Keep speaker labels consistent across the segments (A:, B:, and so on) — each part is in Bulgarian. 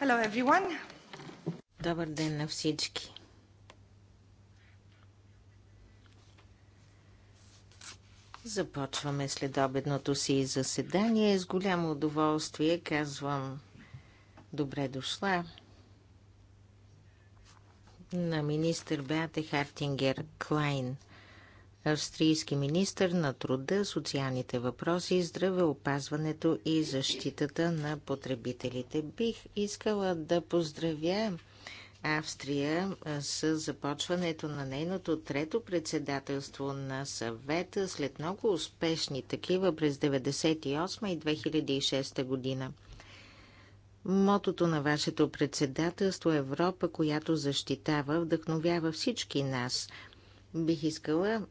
A: Hello everyone. Добър ден на всички. Започваме следобедното си заседание. С голямо удоволствие казвам добре дошла на министър Беате Хартингер Клайн – австрийски министр на труда, социалните въпроси, здравеопазването и защитата на потребителите. Бих искала да поздравя Австрия с започването на нейното трето председателство на съвета след много успешни такива през 1998 и 2006 година. Мотото на вашето председателство е Европа, която защитава, вдъхновява всички нас. Бих искала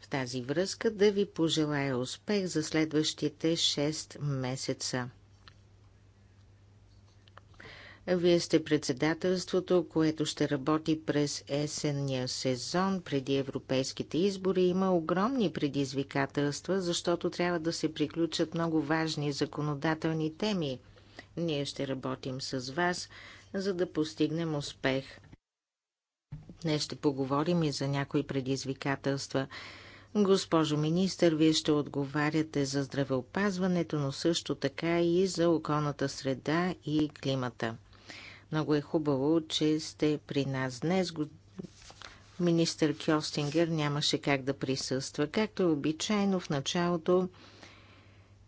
A: в тази връзка да ви пожелая успех за следващите 6 месеца. Вие сте председателството, което ще работи през есенния сезон преди европейските избори. Има огромни предизвикателства, защото трябва да се приключат много важни законодателни теми. Ние ще работим с вас, за да постигнем успех. Днес ще поговорим и за някои предизвикателства – Госпожо министър, вие ще отговаряте за здравеопазването, но също така и за околната среда и климата. Много е хубаво, че сте при нас днес. Министър Кьостингер нямаше как да присъства. Както е обичайно в началото,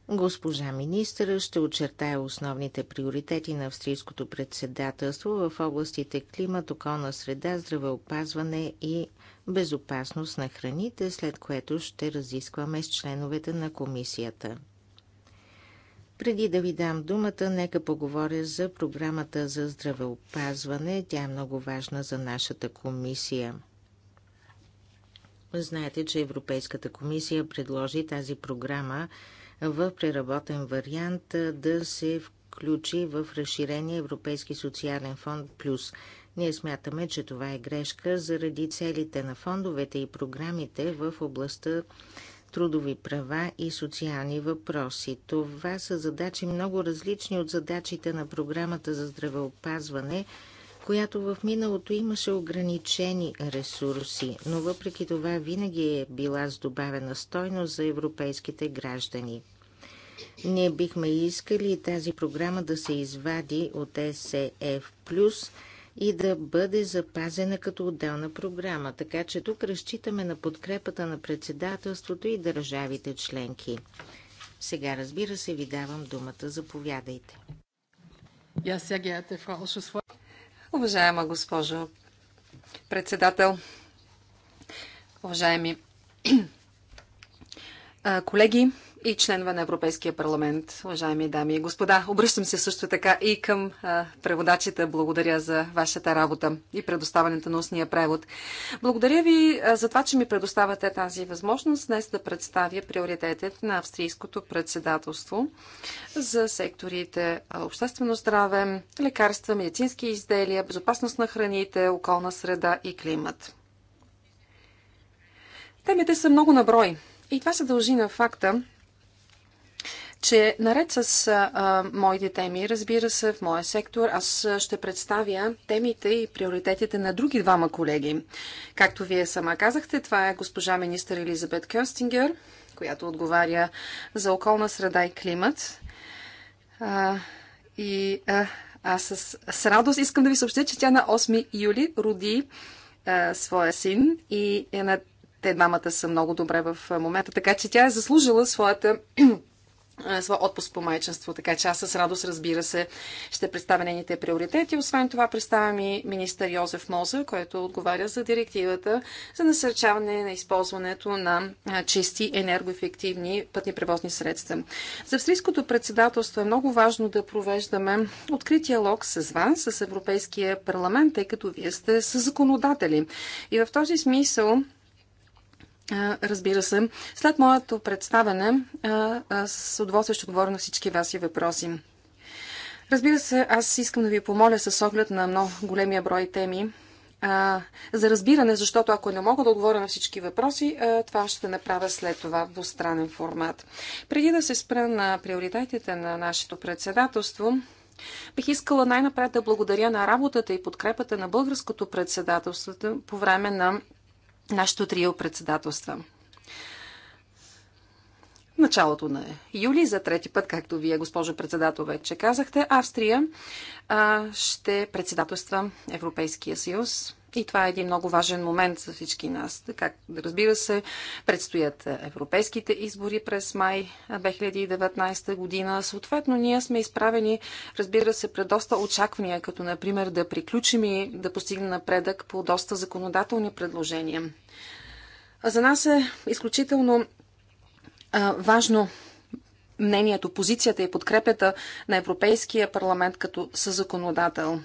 A: госпожа министъра ще очертая основните приоритети на австрийското председателство в областите климат, околна среда, здравеопазване и безопасност на храните, след което ще разискваме с членовете на комисията. Преди да ви дам думата, нека поговоря за програмата за здравеопазване. Тя е много важна за нашата комисия. Знаете, че Европейската комисия предложи тази програма в преработен вариант да се включи в разширения Европейски социален фонд плюс. Ние смятаме, че това е грешка заради целите на фондовете и програмите в областта трудови права и социални въпроси. Това са задачи много различни от задачите на програмата за здравеопазване, която в миналото имаше ограничени ресурси, но въпреки това винаги е била с добавена стойност за европейските граждани. Ние бихме искали тази програма да се извади от СЕФ+, и да бъде запазена като отделна програма. Така че тук разчитаме на подкрепата на председателството и държавите членки. Сега, разбира се, ви давам думата. Заповядайте. Уважаема госпожо председател,
B: уважаеми колеги, и членове на Европейския парламент, уважаеми дами и господа. Обръщам се също така и към а, преводачите. Благодаря за вашата работа и предоставянето на устния превод. Благодаря ви а, за това, че ми предоставяте тази възможност днес да представя приоритетът на австрийското председателство за секторите обществено здраве, лекарства, медицински изделия, безопасност на храните, околна среда и климат. Темите са много наброй. И това се дължи на факта, че наред с а, моите теми, разбира се, в моя сектор, аз ще представя темите и приоритетите на други двама колеги. Както вие сама казахте, това е госпожа министър Елизабет Кьостингер, която отговаря за околна среда и климат. А, и а, аз с, с радост искам да ви съобщя, че тя на 8 юли роди а, своя син и е на те двамата са много добре в момента, така че тя е заслужила своята своя отпуск по майчинство. Така че аз с радост, разбира се, ще представя нейните приоритети. Освен това, представям и министър Йозеф Моза, който отговаря за директивата за насърчаване на използването на чисти енергоефективни пътни превозни средства. За австрийското председателство е много важно да провеждаме открит диалог с вас, с Европейския парламент, тъй като вие сте с законодатели. И в този смисъл Разбира се, след моето представене с удоволствие ще отговоря на всички ваши въпроси. Разбира се, аз искам да ви помоля с оглед на много големия брой теми за разбиране, защото ако не мога да отговоря на всички въпроси, това ще направя след това в двустранен формат. Преди да се спра на приоритетите на нашето председателство, Бих искала най-напред да благодаря на работата и подкрепата на българското председателство по време на нашето трио председателства. Началото на юли, за трети път, както вие, госпожо председател, вече казахте, Австрия а, ще председателства Европейския съюз и това е един много важен момент за всички нас. Как, разбира се, предстоят европейските избори през май 2019 година. Съответно, ние сме изправени, разбира се, пред доста очаквания, като, например, да приключим и да постигнем напредък по доста законодателни предложения. За нас е изключително а, важно мнението, позицията и подкрепята на Европейския парламент като съзаконодател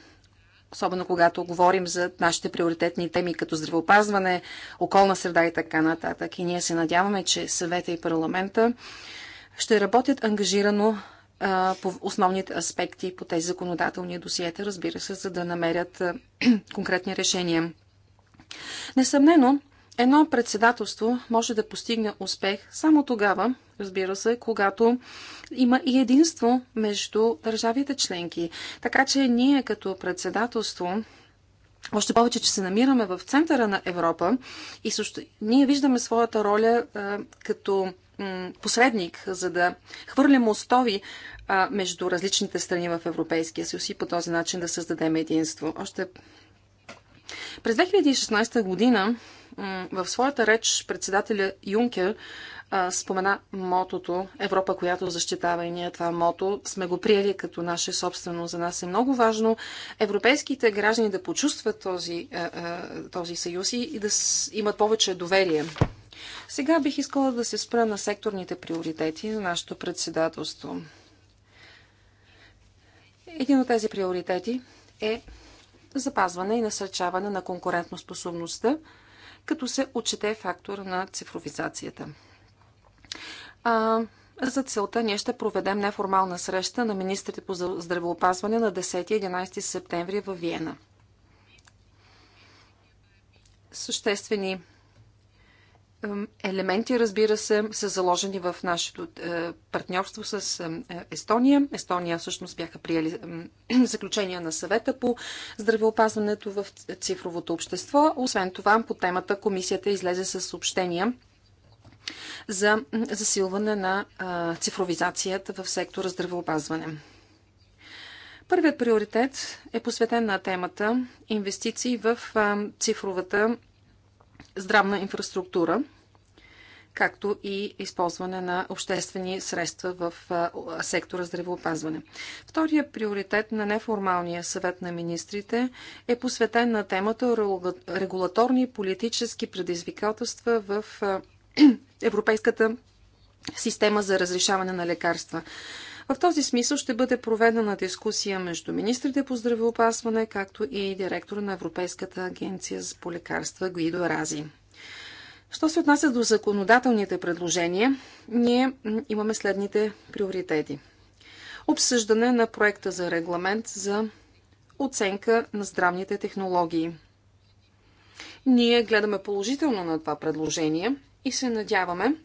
B: особено когато говорим за нашите приоритетни теми като здравеопазване, околна среда и така нататък. И ние се надяваме, че съвета и парламента ще работят ангажирано а, по основните аспекти по тези законодателни досиета, разбира се, за да намерят а, конкретни решения. Несъмнено, Едно председателство може да постигне успех само тогава, разбира се, когато има и единство между държавите членки. Така че ние като председателство още повече, че се намираме в центъра на Европа и също ние виждаме своята роля а, като посредник, за да хвърлим мостови а, между различните страни в Европейския съюз и по този начин да създадем единство. Още през 2016 година в своята реч председателя Юнкер спомена мотото Европа, която защитава и ние това мото сме го приели като наше собствено. За нас е много важно европейските граждани да почувстват този, този съюз и да имат повече доверие. Сега бих искала да се спра на секторните приоритети на нашето председателство. Един от тези приоритети е запазване и насърчаване на конкурентоспособността способността като се отчете фактор на цифровизацията. За целта ние ще проведем неформална среща на министрите по здравеопазване на 10-11 септември в Виена. Съществени елементи, разбира се, са заложени в нашето е, партньорство с е, Естония. Естония всъщност бяха приели заключения на съвета по здравеопазването в цифровото общество. Освен това, по темата комисията излезе с съобщения за засилване на цифровизацията в сектора здравеопазване. Първият приоритет е посветен на темата инвестиции в цифровата здравна инфраструктура, както и използване на обществени средства в сектора здравеопазване. Втория приоритет на неформалния съвет на министрите е посветен на темата регулаторни и политически предизвикателства в Европейската система за разрешаване на лекарства. В този смисъл ще бъде проведена дискусия между министрите по здравеопасване, както и директора на Европейската агенция по лекарства Гуидо Рази. Що се отнася до законодателните предложения, ние имаме следните приоритети. Обсъждане на проекта за регламент за оценка на здравните технологии. Ние гледаме положително на това предложение и се надяваме,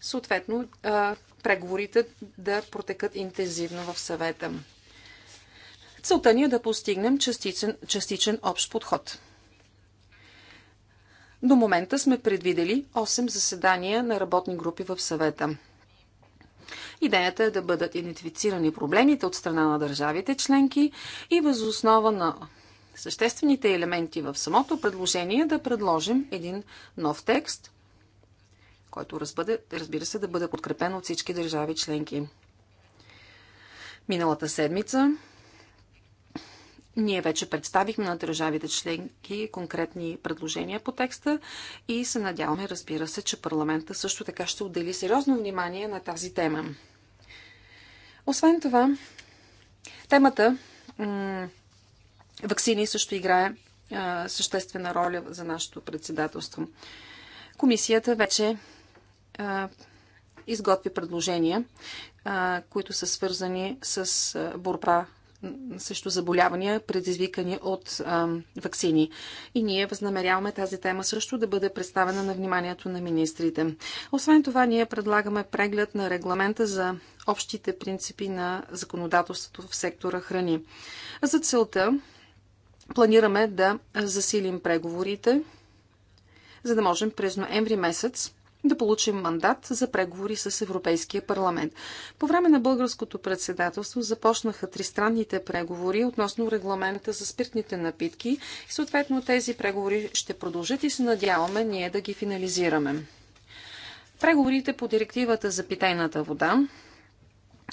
B: съответно, преговорите да протекат интензивно в съвета. Целта ни е да постигнем частичен, частичен общ подход. До момента сме предвидели 8 заседания на работни групи в съвета. Идеята е да бъдат идентифицирани проблемите от страна на държавите членки и възоснова на съществените елементи в самото предложение да предложим един нов текст, който разбъде, разбира се да бъде подкрепен от всички държави членки. Миналата седмица ние вече представихме на държавите членки конкретни предложения по текста и се надяваме, разбира се, че парламента също така ще отдели сериозно внимание на тази тема. Освен това, темата вакцини също играе съществена роля за нашето председателство. Комисията вече изготви предложения, които са свързани с борба също заболявания, предизвикани от а, вакцини. И ние възнамеряваме тази тема също да бъде представена на вниманието на министрите. Освен това, ние предлагаме преглед на регламента за общите принципи на законодателството в сектора храни. За целта планираме да засилим преговорите, за да можем през ноември месец да получим мандат за преговори с Европейския парламент. По време на българското председателство започнаха тристранните преговори относно регламента за спиртните напитки и съответно тези преговори ще продължат и се надяваме ние да ги финализираме. Преговорите по директивата за питейната вода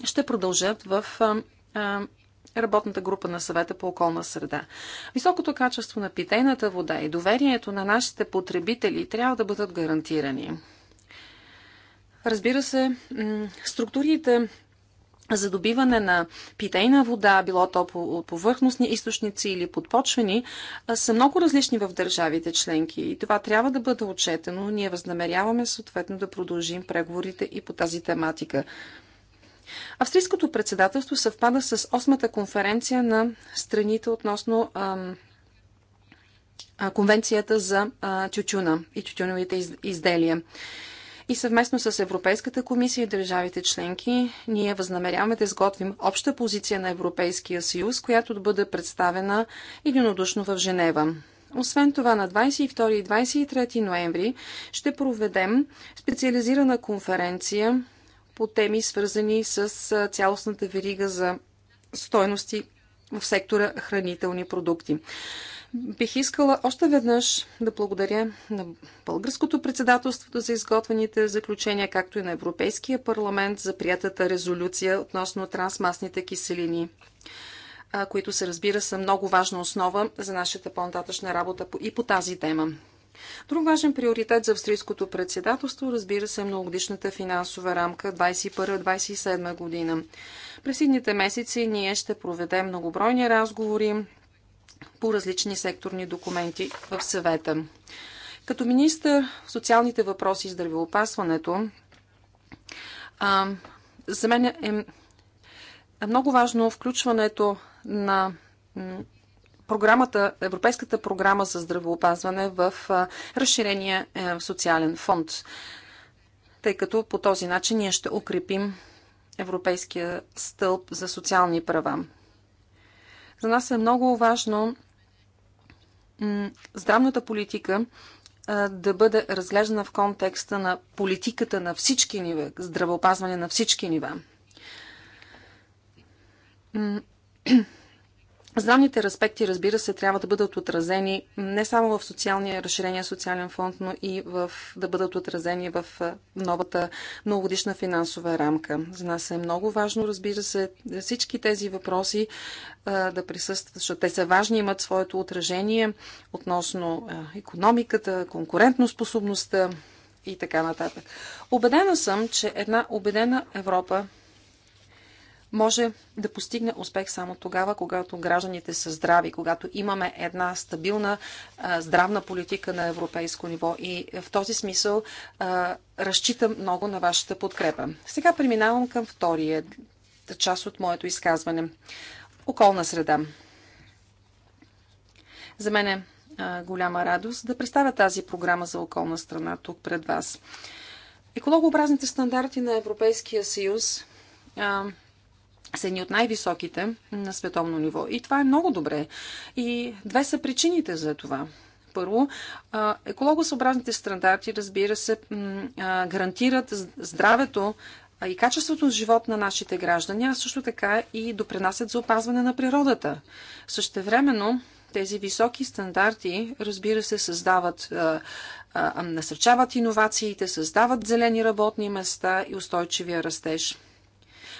B: ще продължат в работната група на съвета по околна среда. Високото качество на питейната вода и доверието на нашите потребители трябва да бъдат гарантирани. Разбира се, структурите за добиване на питейна вода, било то по повърхностни източници или подпочвени, са много различни в държавите членки и това трябва да бъде отчетено. Ние възнамеряваме съответно да продължим преговорите и по тази тематика. Австрийското председателство съвпада с осмата конференция на страните относно ам, а, конвенцията за а, тютюна и тютюновите из, изделия и съвместно с Европейската комисия и държавите членки ние възнамеряваме да изготвим обща позиция на Европейския съюз, която да бъде представена единодушно в Женева. Освен това, на 22 и 23 ноември ще проведем специализирана конференция по теми, свързани с цялостната верига за стойности в сектора хранителни продукти. Бих искала още веднъж да благодаря на българското председателство за изготвените заключения, както и на Европейския парламент за приятата резолюция относно трансмасните киселини, които се разбира са много важна основа за нашата по-нататъчна работа и по тази тема. Друг важен приоритет за австрийското председателство, разбира се, е многогодишната финансова рамка 2021-2027 година. През следните месеци ние ще проведем многобройни разговори по различни секторни документи в съвета. Като министър в социалните въпроси и здравеопасването, а, за мен е много важно включването на програмата, Европейската програма за здравеопазване в разширения е, социален фонд, тъй като по този начин ние ще укрепим Европейския стълб за социални права. За нас е много важно здравната политика да бъде разглеждана в контекста на политиката на всички нива, здравеопазване на всички нива. Здравните аспекти, разбира се, трябва да бъдат отразени не само в социалния разширения социален фонд, но и в, да бъдат отразени в новата многогодишна финансова рамка. За нас е много важно, разбира се, всички тези въпроси да присъстват, защото те са важни, имат своето отражение относно економиката, конкурентоспособността и така нататък. Обедена съм, че една обедена Европа може да постигне успех само тогава, когато гражданите са здрави, когато имаме една стабилна здравна политика на европейско ниво. И в този смисъл разчитам много на вашата подкрепа. Сега преминавам към втория част от моето изказване. Околна среда. За мен е голяма радост да представя тази програма за околна страна тук пред вас. Екологообразните стандарти на Европейския съюз са едни от най-високите на световно ниво. И това е много добре. И две са причините за това. Първо, екологосъобразните стандарти, разбира се, гарантират здравето и качеството на живот на нашите граждани, а също така и допринасят за опазване на природата. Същевременно, тези високи стандарти, разбира се, създават, насърчават иновациите, създават зелени работни места и устойчивия растеж –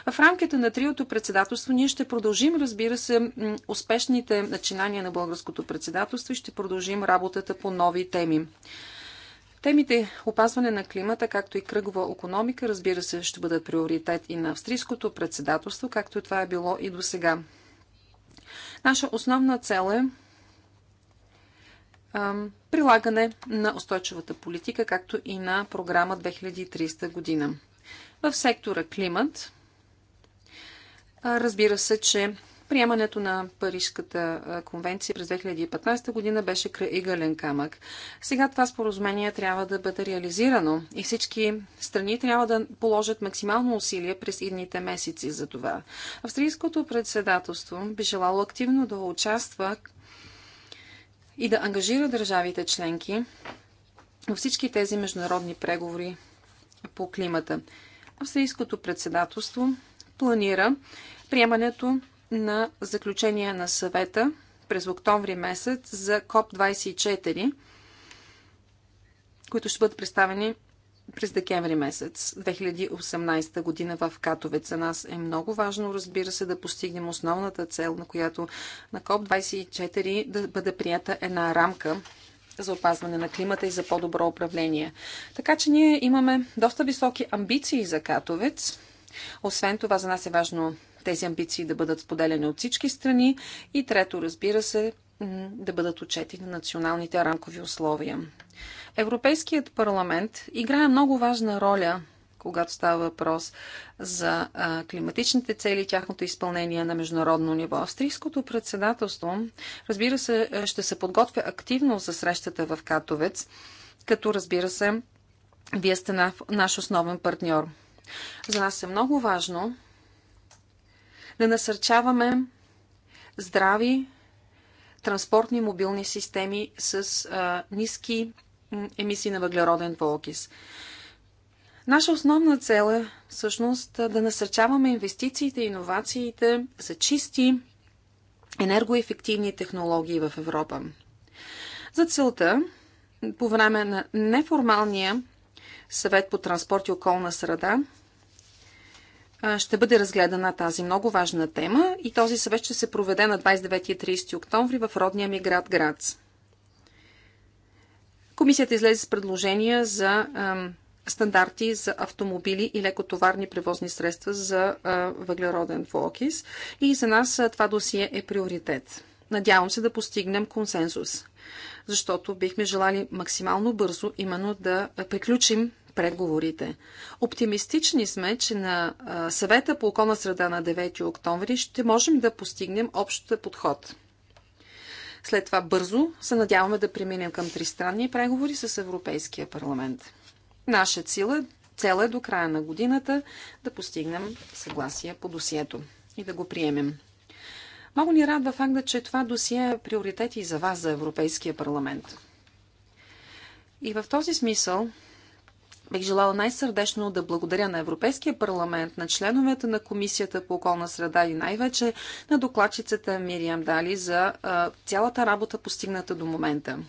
B: в рамките на триото председателство ние ще продължим, разбира се, успешните начинания на българското председателство и ще продължим работата по нови теми. Темите опазване на климата, както и кръгова економика, разбира се, ще бъдат приоритет и на австрийското председателство, както това е било и до сега. Наша основна цел е прилагане на устойчивата политика, както и на програма 2300 година. В сектора климат Разбира се, че приемането на Парижската конвенция през 2015 година беше крайгален камък. Сега това споразумение трябва да бъде реализирано и всички страни трябва да положат максимално усилие през идните месеци за това. Австрийското председателство би желало активно да участва и да ангажира държавите членки във всички тези международни преговори по климата. Австрийското председателство планира приемането на заключение на съвета през октомври месец за КОП-24, които ще бъдат представени през декември месец 2018 година в Катовец. За нас е много важно, разбира се, да постигнем основната цел, на която на КОП-24 да бъде прията една рамка за опазване на климата и за по-добро управление. Така че ние имаме доста високи амбиции за Катовец освен това, за нас е важно тези амбиции да бъдат споделени от всички страни и трето, разбира се, да бъдат отчети на националните рамкови условия. Европейският парламент играе много важна роля когато става въпрос за а, климатичните цели, и тяхното изпълнение на международно ниво. Австрийското председателство, разбира се, ще се подготвя активно за срещата в Катовец, като разбира се, вие сте наш основен партньор. За нас е много важно да насърчаваме здрави транспортни мобилни системи с а, ниски емисии на въглероден полкис. Наша основна цел е всъщност да насърчаваме инвестициите и иновациите за чисти енергоефективни технологии в Европа. За целта, по време на неформалния съвет по транспорт и околна среда, ще бъде разгледана тази много важна тема и този съвет ще се проведе на 29 и 30 октомври в родния ми град Грац. Комисията излезе с предложения за стандарти за автомобили и лекотоварни превозни средства за въглероден двуокис и за нас това досие е приоритет. Надявам се да постигнем консенсус, защото бихме желали максимално бързо именно да приключим преговорите. Оптимистични сме, че на съвета по околна среда на 9 октомври ще можем да постигнем общ подход. След това бързо се надяваме да преминем към тристранни преговори с Европейския парламент. Наша цел е, цел е до края на годината да постигнем съгласие по досието и да го приемем. Много ни радва факта, че това досие е приоритет и за вас, за Европейския парламент. И в този смисъл Бих желала най-сърдечно да благодаря на Европейския парламент, на членовете на Комисията по околна среда и най-вече на докладчицата Мириам Дали за а, цялата работа постигната до момента.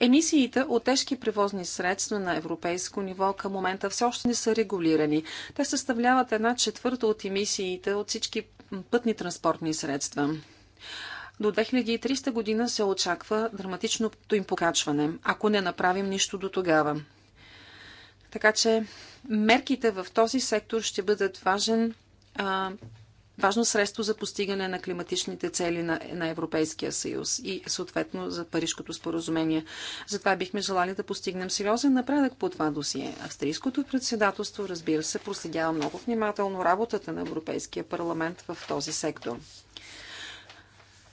B: Емисиите от тежки превозни средства на европейско ниво към момента все още не са регулирани. Те съставляват една четвърта от емисиите от всички пътни транспортни средства. До 2300 година се очаква драматичното им покачване, ако не направим нищо до тогава. Така че мерките в този сектор ще бъдат важен, а, важно средство за постигане на климатичните цели на, на Европейския съюз и съответно за Парижкото споразумение. Затова бихме желали да постигнем сериозен напредък по това досие. Австрийското председателство, разбира се, проследява много внимателно работата на Европейския парламент в този сектор.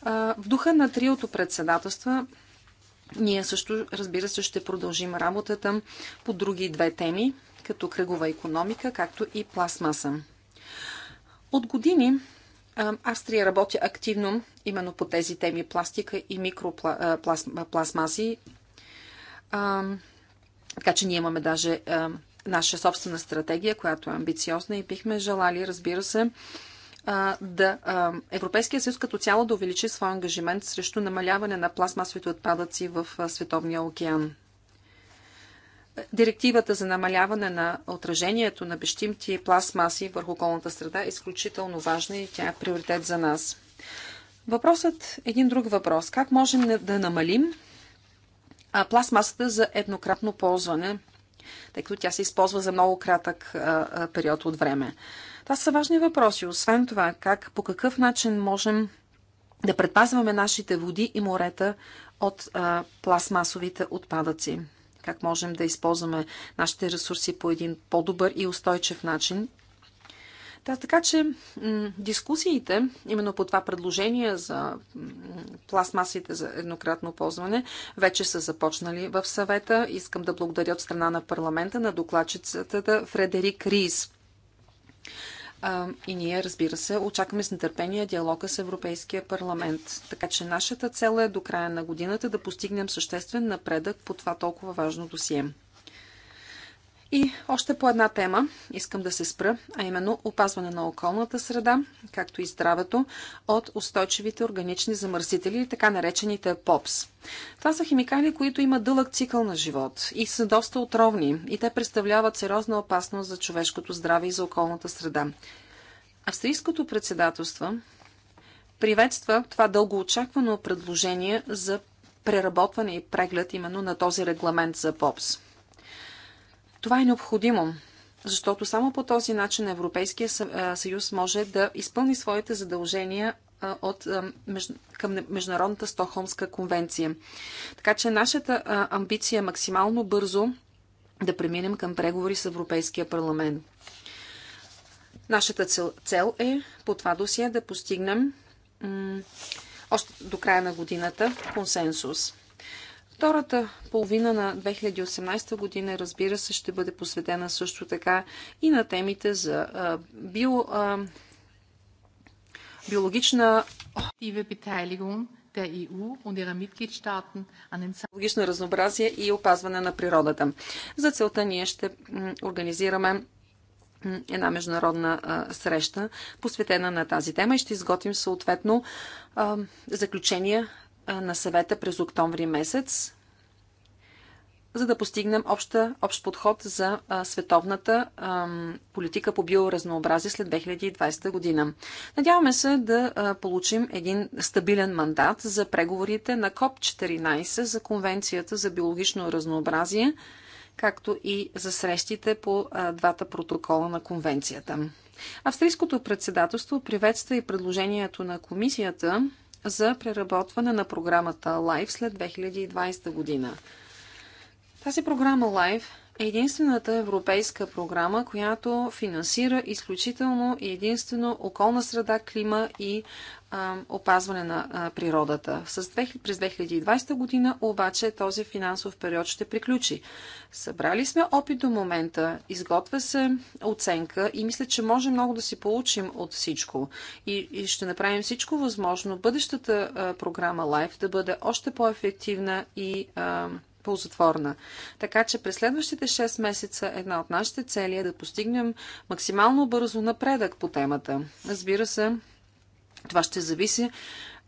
B: В духа на триото председателства ние също, разбира се, ще продължим работата по други две теми, като кръгова економика, както и пластмаса. От години Австрия работи активно именно по тези теми пластика и микропластмаси. Така че ние имаме даже наша собствена стратегия, която е амбициозна и бихме желали, разбира се, да Европейския съюз като цяло да увеличи своя ангажимент срещу намаляване на пластмасовите отпадъци в Световния океан. Директивата за намаляване на отражението на бещимти и пластмаси върху околната среда е изключително важна и тя е приоритет за нас. Въпросът, е един друг въпрос. Как можем да намалим пластмасата за еднократно ползване, тъй като тя се използва за много кратък период от време? Това са важни въпроси. Освен това, как, по какъв начин можем да предпазваме нашите води и морета от а, пластмасовите отпадъци. Как можем да използваме нашите ресурси по един по-добър и устойчив начин. Да, така че дискусиите именно по това предложение за пластмасите за еднократно ползване вече са започнали в съвета. Искам да благодаря от страна на парламента на докладчицата Фредерик Рис и ние, разбира се, очакваме с нетърпение диалога с Европейския парламент. Така че нашата цел е до края на годината да постигнем съществен напредък по това толкова важно досие. И още по една тема искам да се спра, а именно опазване на околната среда, както и здравето от устойчивите органични замърсители, така наречените ПОПС. Това са химикали, които имат дълъг цикъл на живот и са доста отровни и те представляват сериозна опасност за човешкото здраве и за околната среда. Австрийското председателство приветства това дългоочаквано предложение за преработване и преглед именно на този регламент за ПОПС. Това е необходимо, защото само по този начин Европейския съюз може да изпълни своите задължения от, към Международната Стохолмска конвенция. Така че нашата амбиция е максимално бързо да преминем към преговори с Европейския парламент. Нашата цел, цел е по това досие да постигнем още до края на годината консенсус. Втората половина на 2018 година, разбира се, ще бъде посветена също така и на темите за био, биологична биологично разнообразие и опазване на природата. За целта ние ще организираме една международна среща, посветена на тази тема и ще изготвим съответно заключения на съвета през октомври месец, за да постигнем обща, общ подход за а, световната а, политика по биоразнообразие след 2020 година. Надяваме се да а, получим един стабилен мандат за преговорите на КОП-14 за Конвенцията за биологично разнообразие, както и за срещите по а, двата протокола на Конвенцията. Австрийското председателство приветства и предложението на комисията за преработване на програмата LIFE след 2020 година. Тази програма LIFE е единствената европейска програма, която финансира изключително и единствено околна среда, клима и опазване на природата. през 2020 година обаче този финансов период ще приключи. Събрали сме опит до момента, изготвя се оценка и мисля, че може много да си получим от всичко. И, и ще направим всичко възможно бъдещата а, програма LIFE да бъде още по-ефективна и а, ползотворна. Така че през следващите 6 месеца една от нашите цели е да постигнем максимално бързо напредък по темата. Разбира се, това ще зависи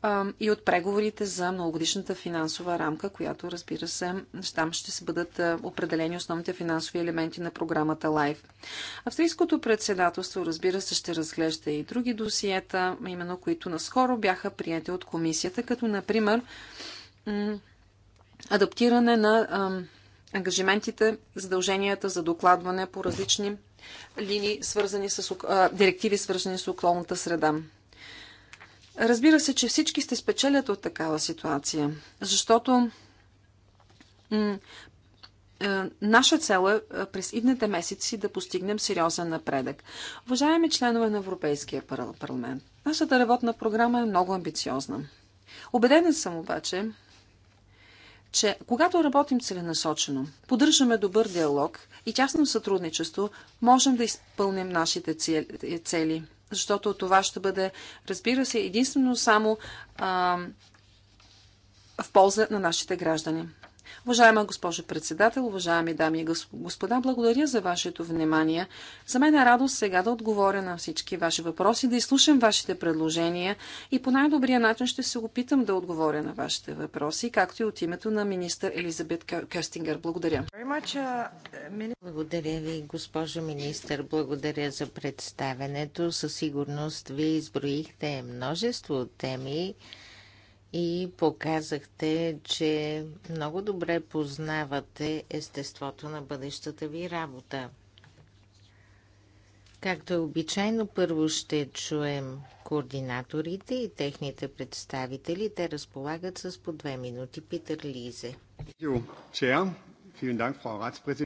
B: а, и от преговорите за многогодишната финансова рамка, която, разбира се, там ще се бъдат определени основните финансови елементи на програмата LIFE. Австрийското председателство, разбира се, ще разглежда и други досиета, именно които наскоро бяха прияти от комисията, като, например, адаптиране на а, ангажиментите, задълженията за докладване по различни линии, свързани с, а, директиви, свързани с околната среда. Разбира се, че всички сте спечелят от такава ситуация, защото е, наша цел е, е през идните месеци да постигнем сериозен напредък. Уважаеми членове на Европейския парламент, нашата работна програма е много амбициозна. Обедена съм обаче, че когато работим целенасочено, поддържаме добър диалог и тясно сътрудничество, можем да изпълним нашите цели защото това ще бъде, разбира се, единствено само а, в полза на нашите граждани. Уважаема госпожо председател, уважаеми дами и господа, благодаря за вашето внимание. За мен е радост сега да отговоря на всички ваши въпроси, да изслушам вашите предложения и по най-добрия начин ще се опитам да отговоря на вашите въпроси, както и от името на министър Елизабет Кестингър. Благодаря.
A: Благодаря ви, госпожо министър. Благодаря за представенето. Със сигурност вие изброихте множество теми, и показахте, че много добре познавате естеството на бъдещата ви работа. Както е обичайно, първо ще чуем координаторите и техните представители. Те разполагат с по две минути. Питър Лизе.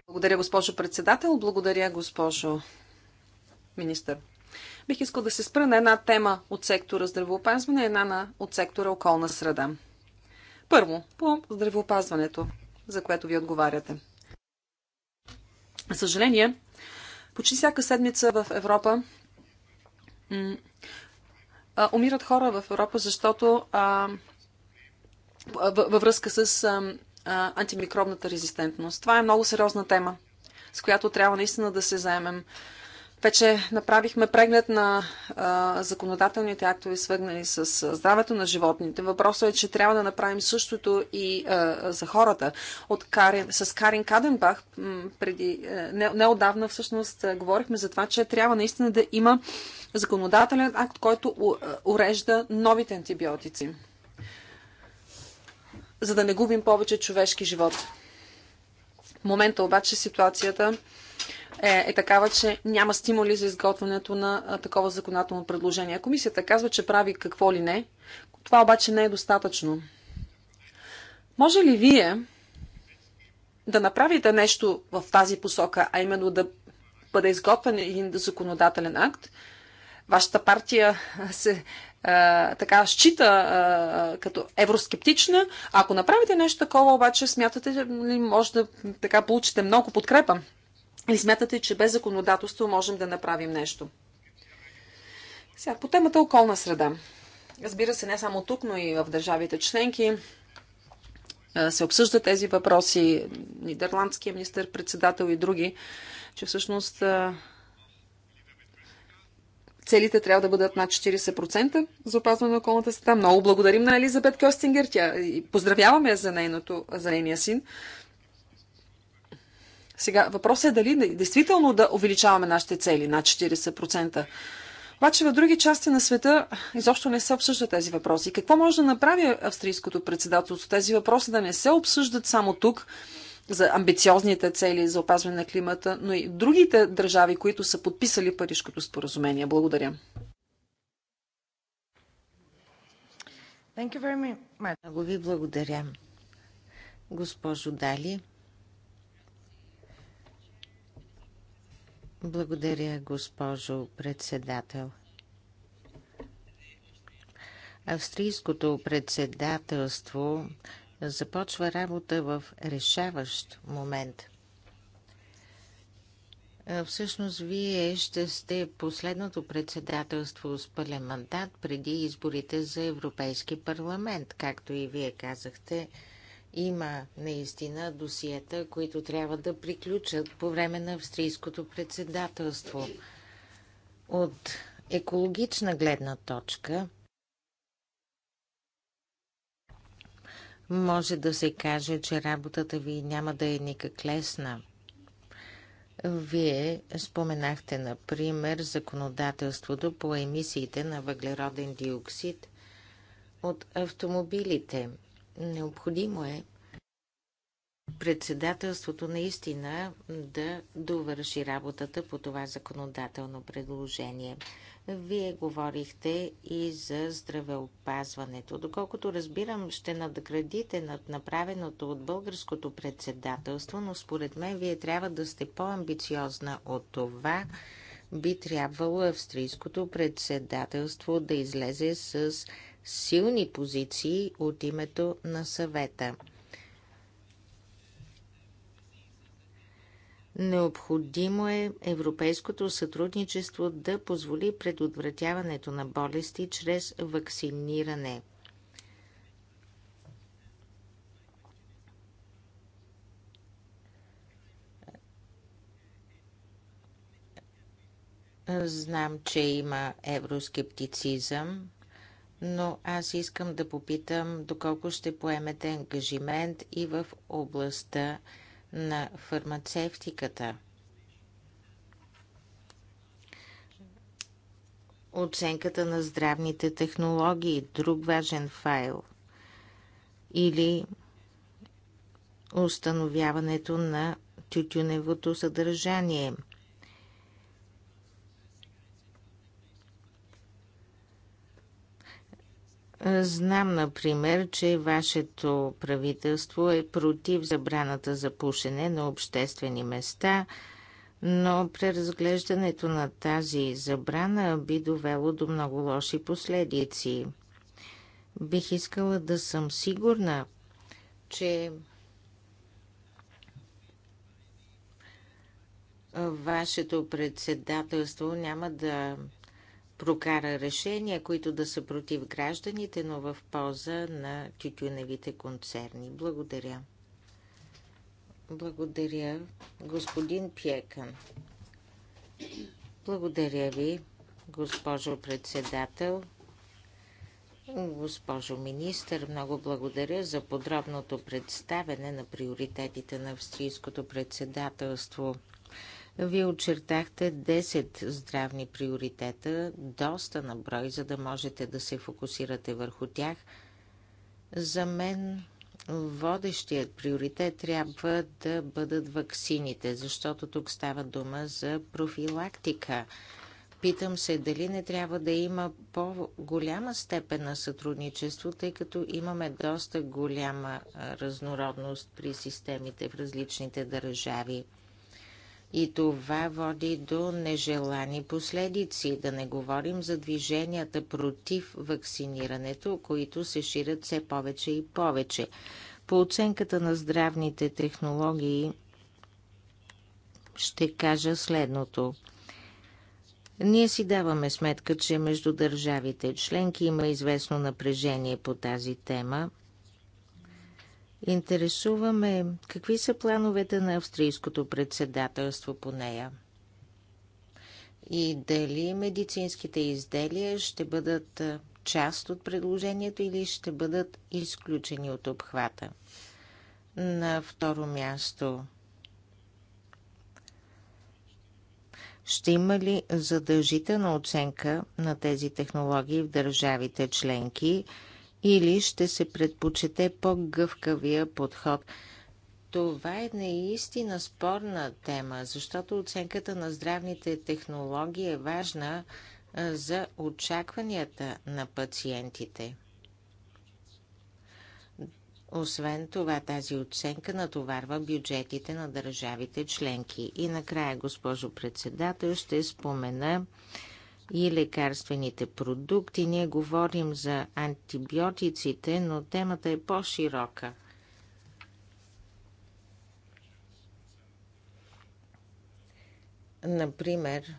A: Благодаря, госпожо председател. Благодаря, госпожо
B: министър. Бих искал да се спра на една тема от сектора здравеопазване, една на, от сектора околна среда. Първо, по здравеопазването, за което ви отговаряте. За съжаление, почти всяка седмица в Европа умират хора в Европа, защото а, във връзка с а, а, антимикробната резистентност. Това е много сериозна тема, с която трябва наистина да се заемем. Вече направихме преглед на а, законодателните актове, свързани с здравето на животните. Въпросът е, че трябва да направим същото и а, за хората. От Карин, с Карин Каденбах преди, не, неодавна всъщност говорихме за това, че трябва наистина да има законодателен акт, който урежда новите антибиотици, за да не губим повече човешки живот. В момента обаче ситуацията е, е такава, че няма стимули за изготвянето на а, такова законодателно предложение. Комисията казва, че прави какво ли не. Това обаче не е достатъчно. Може ли вие да направите нещо в тази посока, а именно да бъде изготвен един законодателен акт? Вашата партия се а, така счита а, като евроскептична. Ако направите нещо такова, обаче смятате ли нали, може да така получите много подкрепа? Ли смятате, че без законодателство можем да направим нещо? Сега, по темата околна среда. Разбира се, не само тук, но и в държавите членки е, се обсъждат тези въпроси. Нидерландския министър-председател и други, че всъщност е, целите трябва да бъдат над 40% за опазване на околната среда. Много благодарим на Елизабет Костингер. Тя поздравяваме за, нейното, за нейния син. Сега въпросът е дали действително да увеличаваме нашите цели на 40%. Обаче в други части на света изобщо не се обсъждат тези въпроси. Какво може да направи австрийското председателство? Тези въпроси да не се обсъждат само тук, за амбициозните цели за опазване на климата, но и другите държави, които са подписали Парижкото
A: споразумение. Благодаря. Много ви благодаря. Госпожо Дали. Благодаря, госпожо председател. Австрийското председателство започва работа в решаващ момент. Всъщност, вие ще сте последното председателство с пълен мандат преди изборите за Европейски парламент, както и вие казахте – има наистина досиета, които трябва да приключат по време на австрийското председателство. От екологична гледна точка може да се каже, че работата ви няма да е никак лесна. Вие споменахте, например, законодателството по емисиите на въглероден диоксид от автомобилите – Необходимо е председателството наистина да довърши работата по това законодателно предложение. Вие говорихте и за здравеопазването. Доколкото разбирам, ще надградите над направеното от българското председателство, но според мен вие трябва да сте по-амбициозна от това. Би трябвало австрийското председателство да излезе с силни позиции от името на съвета. Необходимо е европейското сътрудничество да позволи предотвратяването на болести чрез вакциниране. Знам, че има евроскептицизъм но аз искам да попитам доколко ще поемете ангажимент и в областта на фармацевтиката. Оценката на здравните технологии, друг важен файл или установяването на тютюневото съдържание – Знам, например, че вашето правителство е против забраната за пушене на обществени места, но преразглеждането на тази забрана би довело до много лоши последици. Бих искала да съм сигурна, че вашето председателство няма да прокара решения, които да са против гражданите, но в полза на тютюневите концерни. Благодаря. Благодаря, господин Пьекан. Благодаря ви, госпожо председател. Госпожо министър, много благодаря за подробното представене на приоритетите на австрийското председателство – вие очертахте 10 здравни приоритета, доста на брой, за да можете да се фокусирате върху тях. За мен водещият приоритет трябва да бъдат ваксините, защото тук става дума за профилактика. Питам се дали не трябва да има по-голяма степен на сътрудничество, тъй като имаме доста голяма разнородност при системите в различните държави. И това води до нежелани последици, да не говорим за движенията против вакцинирането, които се ширят все повече и повече. По оценката на здравните технологии ще кажа следното. Ние си даваме сметка, че между държавите членки има известно напрежение по тази тема – Интересуваме какви са плановете на австрийското председателство по нея и дали медицинските изделия ще бъдат част от предложението или ще бъдат изключени от обхвата. На второ място ще има ли задължителна оценка на тези технологии в държавите членки – или ще се предпочете по-гъвкавия подход? Това е наистина спорна тема, защото оценката на здравните технологии е важна за очакванията на пациентите. Освен това, тази оценка натоварва бюджетите на държавите членки. И накрая, госпожо председател, ще спомена и лекарствените продукти. Ние говорим за антибиотиците, но темата е по-широка. Например,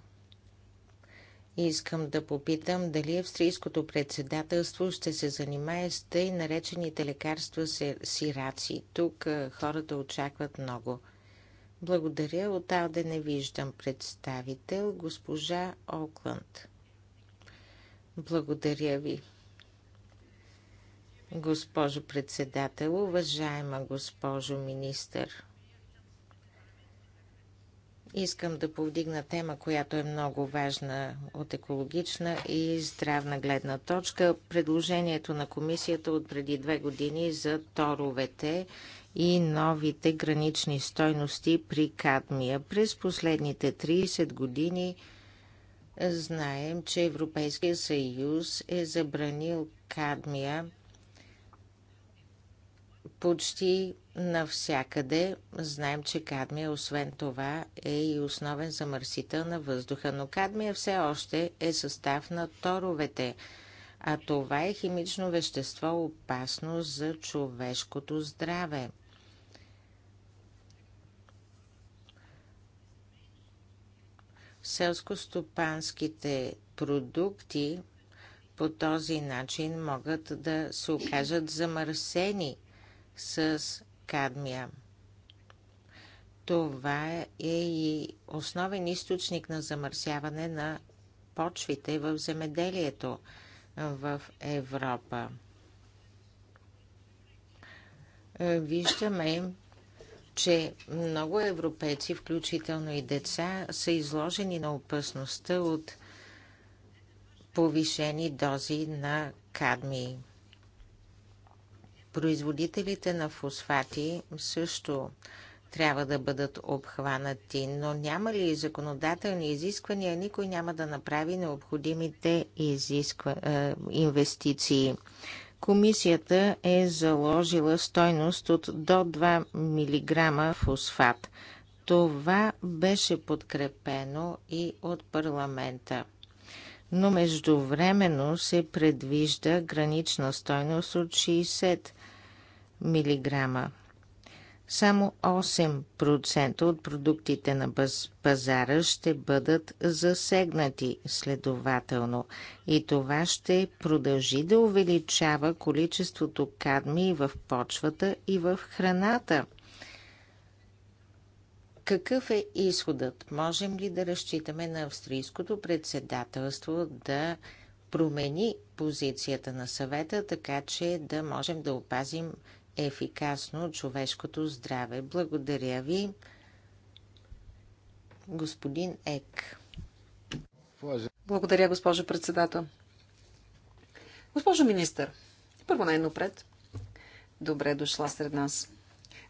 A: искам да попитам дали австрийското председателство ще се занимае с тъй наречените лекарства сираци. Тук хората очакват много – благодаря. От Алде не виждам представител. Госпожа Окланд. Благодаря ви. Госпожо председател, уважаема госпожо министър. Искам да повдигна тема, която е много важна от екологична и здравна гледна точка. Предложението на комисията от преди две години за торовете – и новите гранични стойности при кадмия. През последните 30 години знаем, че Европейския съюз е забранил кадмия почти навсякъде. Знаем, че кадмия, освен това, е и основен замърсител на въздуха, но кадмия все още е състав на торовете, а това е химично вещество опасно за човешкото здраве. Селскостопанските продукти по този начин могат да се окажат замърсени с кадмия. Това е и основен източник на замърсяване на почвите в земеделието в Европа. Виждаме, че много европейци, включително и деца, са изложени на опасността от повишени дози на кадмии. Производителите на фосфати също трябва да бъдат обхванати, но няма ли законодателни изисквания, никой няма да направи необходимите изисква... Е, инвестиции. Комисията е заложила стойност от до 2 мг фосфат. Това беше подкрепено и от парламента. Но междувременно се предвижда гранична стойност от 60 милиграма. Само 8% от продуктите на пазара ще бъдат засегнати следователно и това ще продължи да увеличава количеството кадми в почвата и в храната. Какъв е изходът? Можем ли да разчитаме на австрийското председателство да промени позицията на съвета, така че да можем да опазим ефикасно от човешкото здраве. Благодаря ви, господин Ек.
B: Благодаря, госпожо председател. Госпожо министър, първо най-напред, добре дошла сред нас.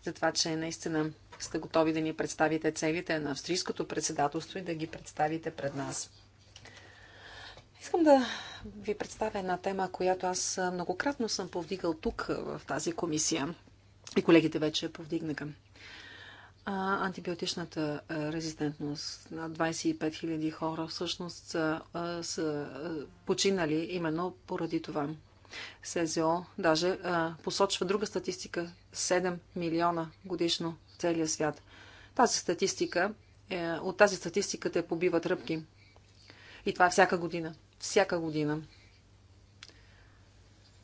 B: За това, че наистина сте готови да ни представите целите на австрийското председателство и да ги представите пред нас. Искам да ви представя една тема, която аз многократно съм повдигал тук в тази комисия и колегите вече повдигнаха. Антибиотичната резистентност на 25 000 хора всъщност са, са починали именно поради това. СЗО даже а, посочва друга статистика 7 милиона годишно в целия свят. Тази статистика, е, от тази статистика те побиват ръбки. И това всяка година всяка година.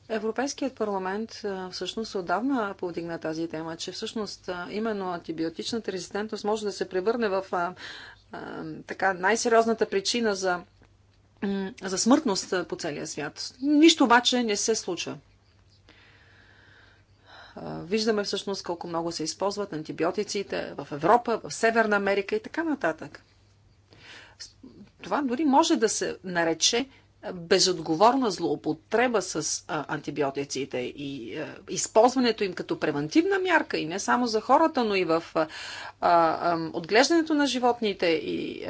B: Европейският парламент всъщност отдавна повдигна тази тема, че всъщност именно антибиотичната резистентност може да се превърне в а, а, така най-сериозната причина за, за смъртност по целия свят. Нищо обаче не се случва. Виждаме всъщност колко много се използват антибиотиците в Европа, в Северна Америка и така нататък това дори може да се нарече безотговорна злоупотреба с антибиотиците и използването им като превентивна мярка и не само за хората, но и в отглеждането на животните и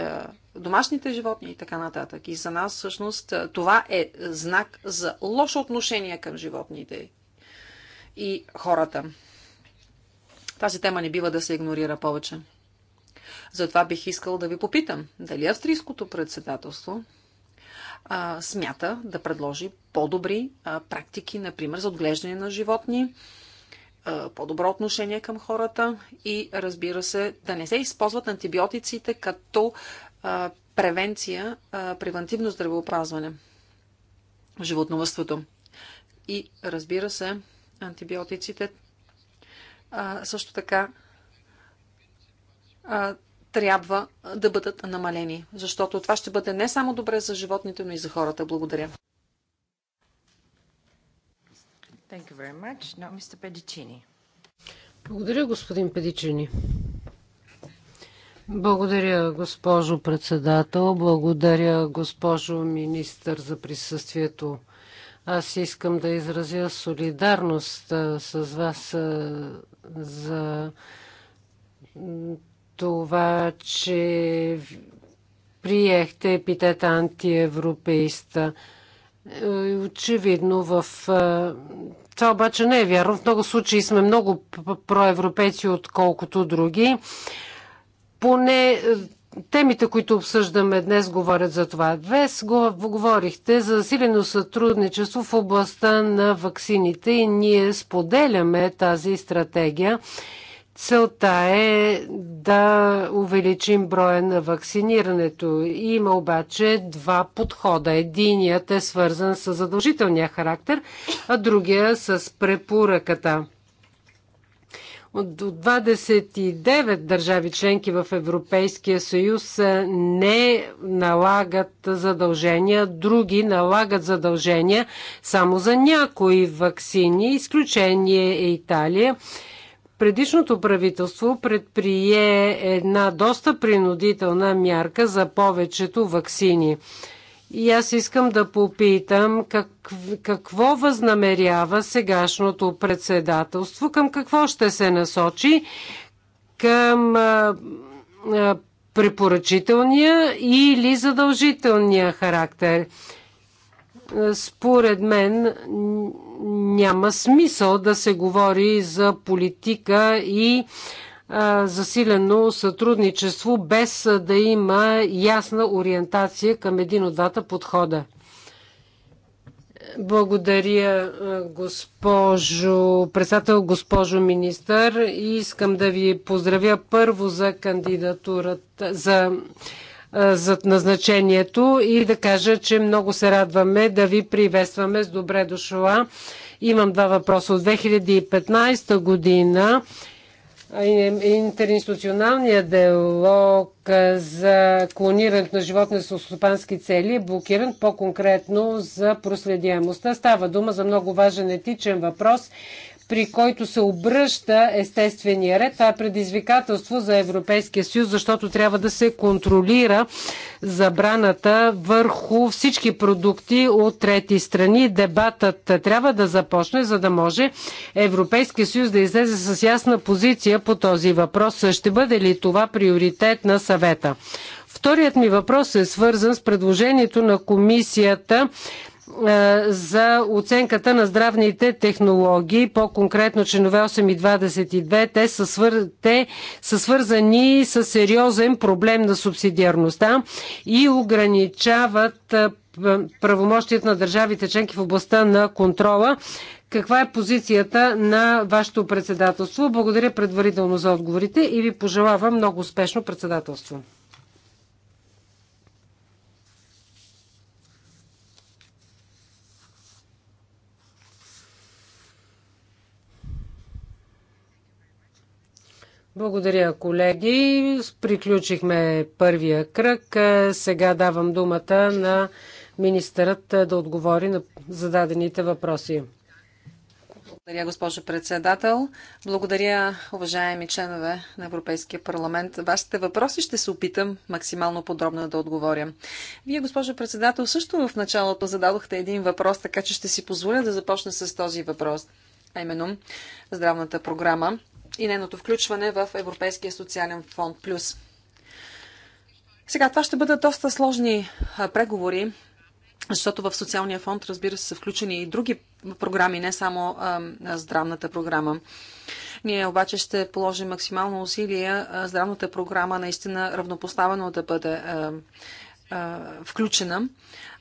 B: домашните животни и така нататък. И за нас всъщност това е знак за лошо отношение към животните и хората. Тази тема не бива да се игнорира повече. Затова бих искал да ви попитам дали австрийското председателство а, смята да предложи по-добри практики, например, за отглеждане на животни, по-добро отношение към хората и, разбира се, да не се използват антибиотиците като а, превенция, а, превентивно здравеопразване в животновътството. И, разбира се, антибиотиците а, също така трябва да бъдат намалени, защото това ще бъде не само добре за
C: животните, но и за хората. Благодаря.
A: Thank you very much. Mr. Pedicini.
C: Благодаря, господин Педичини. Благодаря, госпожо председател. Благодаря, госпожо министър, за присъствието. Аз искам да изразя солидарност с вас за това, че приехте епитета антиевропейста. Е, очевидно в... Е, това обаче не е вярно. В много случаи сме много проевропейци, отколкото други. Поне е, темите, които обсъждаме днес, говорят за това. Днес говорихте за засилено сътрудничество в областта на ваксините и ние споделяме тази стратегия Целта е да увеличим броя на вакцинирането. Има обаче два подхода. Единият е свързан с задължителния характер, а другия с препоръката. От 29 държави членки в Европейския съюз не налагат задължения, други налагат задължения само за някои вакцини. Изключение е Италия Предишното правителство предприе една доста принудителна мярка за повечето ваксини. И аз искам да попитам как, какво възнамерява сегашното председателство, към какво ще се насочи, към а, а, препоръчителния или задължителния характер. Според мен няма смисъл да се говори за политика и засилено сътрудничество, без да има ясна ориентация към един от двата подхода. Благодаря, госпожо председател, госпожо министър. искам да ви поздравя първо за кандидатурата, за за назначението и да кажа, че много се радваме да ви приветстваме с добре дошла. Имам два въпроса. От 2015 година е, интернационалния диалог за клонирането на животни с стопански цели е блокиран по-конкретно за проследяемостта. Става дума за много важен етичен въпрос, при който се обръща естествения ред. Това е предизвикателство за Европейския съюз, защото трябва да се контролира забраната върху всички продукти от трети страни. Дебатът трябва да започне, за да може Европейския съюз да излезе с ясна позиция по този въпрос. Ще бъде ли това приоритет на съвета? Вторият ми въпрос е свързан с предложението на комисията е, за оценката на здравните технологии, по-конкретно членове 8 и 22, те са, свър... те са свързани с сериозен проблем на субсидиарността и ограничават е, правомощият на държавите членки в областта на контрола. Каква е позицията на вашето председателство? Благодаря предварително за отговорите и ви пожелавам много успешно председателство. Благодаря, колеги. Приключихме първия кръг. Е, сега давам думата на министърът е, да отговори на зададените въпроси.
B: Благодаря, госпожо председател. Благодаря, уважаеми членове на Европейския парламент. Вашите въпроси ще се опитам максимално подробно да отговоря. Вие, госпожо председател, също в началото зададохте един въпрос, така че ще си позволя да започна с този въпрос, а именно здравната програма и нейното включване в Европейския социален фонд Плюс. Сега, това ще бъдат доста сложни преговори, защото в социалния фонд, разбира се, са включени и други програми, не само а, здравната програма. Ние обаче ще положим максимално усилие а, здравната програма наистина равнопоставено да бъде а, включена.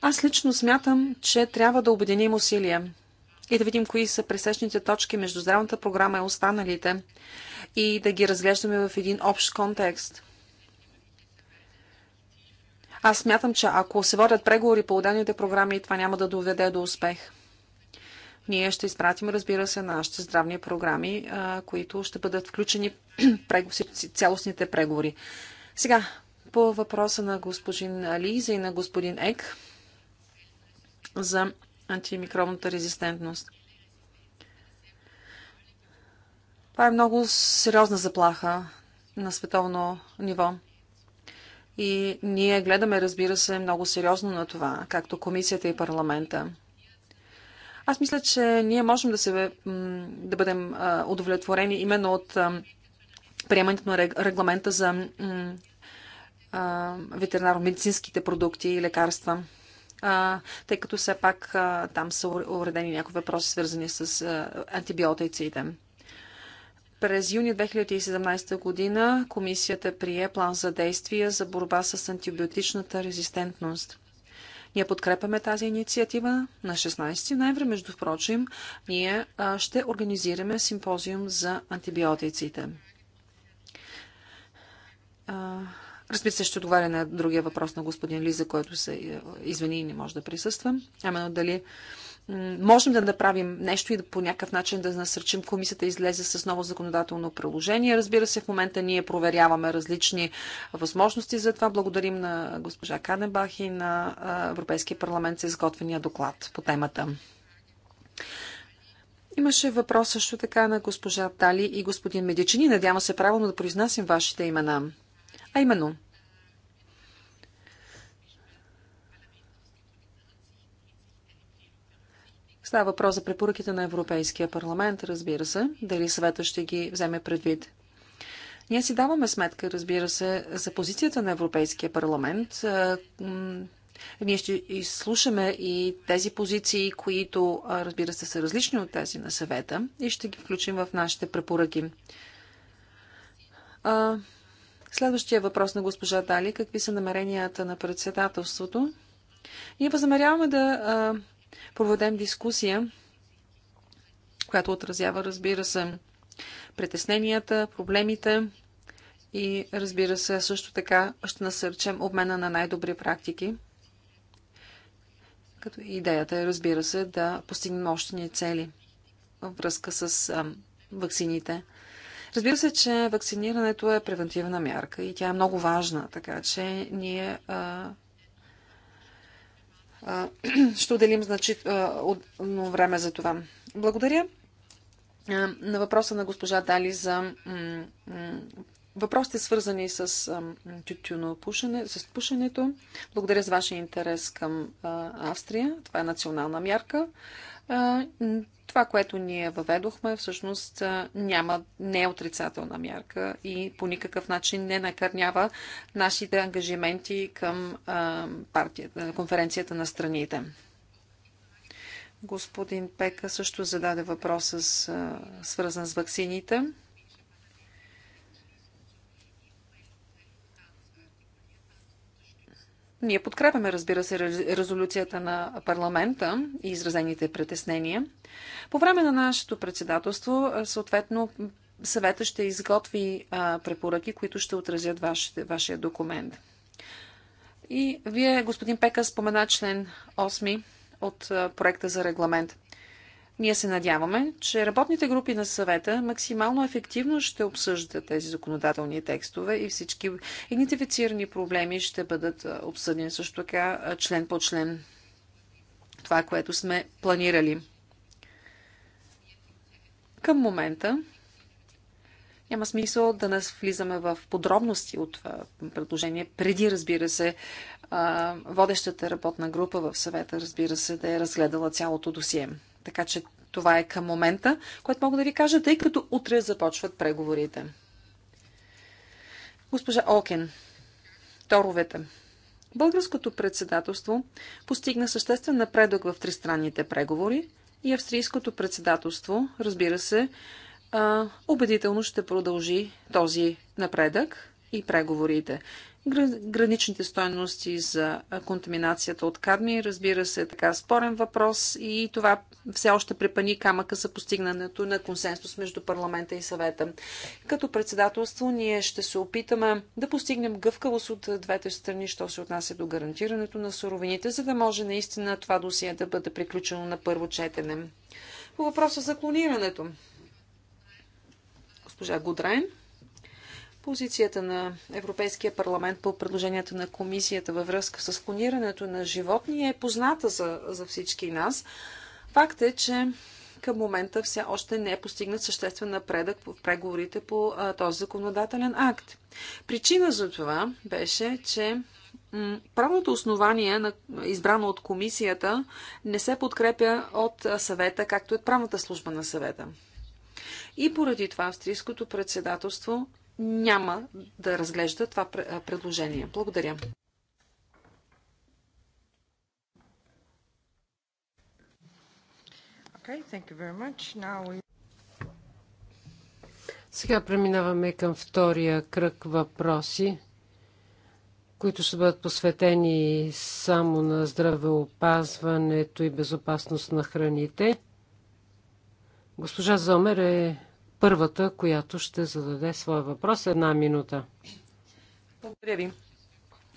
B: Аз лично смятам, че трябва да обединим усилия и да видим кои са пресечните точки между здравната програма и останалите и да ги разглеждаме в един общ контекст. Аз смятам, че ако се водят преговори по отделните програми, това няма да доведе до успех. Ние ще изпратим, разбира се, нашите здравни програми, които ще бъдат включени в цялостните преговори. Сега, по въпроса на господин Ализа и на господин Ек за антимикробната резистентност. Това е много сериозна заплаха на световно ниво. И ние гледаме, разбира се, много сериозно на това, както комисията и парламента. Аз мисля, че ние можем да, се, да бъдем удовлетворени именно от приемането на регламента за ветеринарно-медицинските продукти и лекарства тъй като все пак там са уредени някои въпроси, свързани с антибиотиците. През юни 2017 година комисията прие план за действие за борба с антибиотичната резистентност. Ние подкрепяме тази инициатива. На 16 ноември, между прочим, ние ще организираме симпозиум за антибиотиците. Разбира се, ще отговаря на другия въпрос на господин Лиза, който се е, извини и не може да присъства. Амено дали можем да направим нещо и да, по някакъв начин да насърчим комисията излезе с ново законодателно приложение. Разбира се, в момента ние проверяваме различни възможности за това. Благодарим на госпожа Каденбах и на Европейския парламент за изготвения доклад по темата. Имаше въпрос също така на госпожа Тали и господин Медичини. Надявам се правилно да произнасям вашите имена. А именно, Става въпрос за препоръките на Европейския парламент, разбира се, дали съвета ще ги вземе предвид. Ние си даваме сметка, разбира се, за позицията на Европейския парламент. Ние ще изслушаме и тези позиции, които, разбира се, са различни от тези на съвета и ще ги включим в нашите препоръки. Следващия въпрос на госпожа Дали. Какви са намеренията на председателството? Ние възнамеряваме да проведем дискусия, която отразява, разбира се, притесненията, проблемите и, разбира се, също така ще насърчем обмена на най-добри практики. Като идеята е, разбира се, да постигнем още ни цели във връзка с а, вакцините. Разбира се, че вакцинирането е превентивна мярка и тя е много важна, така че ние а, а, ще отделим значително време за това. Благодаря на въпроса на госпожа Дали за въпросите свързани с тютюно пушене, с пушенето. Благодаря за вашия интерес към Австрия. Това е национална мярка това, което ние въведохме, всъщност няма, не е отрицателна мярка и по никакъв начин не накърнява нашите ангажименти към партията, конференцията на страните. Господин Пека също зададе въпрос, с, свързан с ваксините. Ние подкрепяме, разбира се, резолюцията на парламента и изразените притеснения. По време на нашето председателство, съответно, съвета ще изготви препоръки, които ще отразят вашия документ. И вие, господин Пека, спомена член 8 от проекта за регламент. Ние се надяваме, че работните групи на съвета максимално ефективно ще обсъждат тези законодателни текстове и всички идентифицирани проблеми ще бъдат обсъдени също така член по член. Това, което сме планирали. Към момента няма смисъл да нас влизаме в подробности от това предложение, преди, разбира се, водещата работна група в съвета, разбира се, да е разгледала цялото досие. Така че това е към момента, което мога да ви кажа, тъй като утре започват преговорите. Госпожа Окен, торовете. Българското председателство постигна съществен напредък в тристранните преговори и австрийското председателство, разбира се, убедително ще продължи този напредък и преговорите граничните стоености за контаминацията от кадми. Разбира се, е така спорен въпрос и това все още препани камъка за постигнането на консенсус между парламента и съвета. Като председателство ние ще се опитаме да постигнем гъвкавост от двете страни, що се отнася до гарантирането на суровините, за да може наистина това досие да бъде приключено на първо четене. По въпроса за клонирането. Госпожа Гудрайн позицията на Европейския парламент по предложението на комисията във връзка с клонирането на животни е позната за, за всички нас. Факт е, че към момента все още не е постигнат съществен напредък в преговорите по а, този законодателен акт. Причина за това беше, че правното основание, на, избрано от комисията, не се подкрепя от съвета, както е правната служба на съвета. И поради това австрийското председателство няма да разглежда това предложение. Благодаря. Okay,
C: Сега преминаваме към втория кръг въпроси, които ще бъдат посветени само на здравеопазването и безопасност на храните. Госпожа Зомер е първата, която ще зададе своя въпрос. Е една минута.
B: Благодаря ви.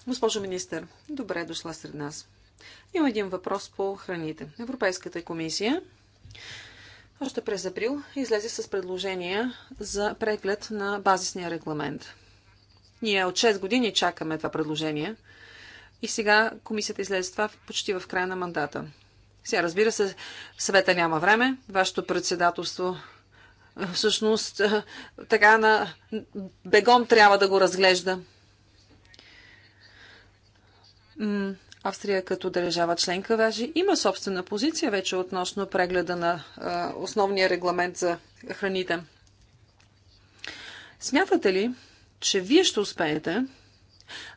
B: Госпожо министър, добре дошла сред нас. Има един въпрос по храните. Европейската комисия още през април излезе с предложение за преглед на базисния регламент. Ние от 6 години чакаме това предложение и сега комисията излезе това почти в края на мандата. Сега, разбира се, съвета няма време, вашето председателство всъщност е, така на бегом трябва да го разглежда. Австрия като държава членка вежи има собствена позиция вече относно прегледа на е, основния регламент за храните. Смятате ли, че вие ще успеете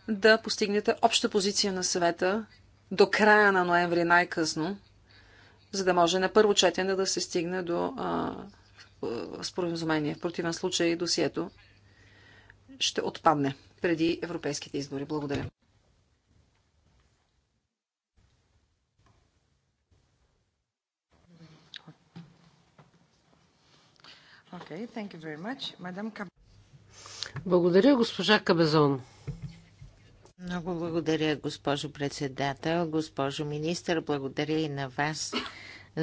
B: да постигнете обща позиция на съвета до края на ноември най-късно, за да може на първо четене да се стигне до е, споразумение. В противен случай досието ще отпадне преди европейските избори. Благодаря. Okay, thank you very much. Madam
A: Благодаря, госпожа Кабезон. Много благодаря, госпожо председател, госпожо министър. Благодаря и на вас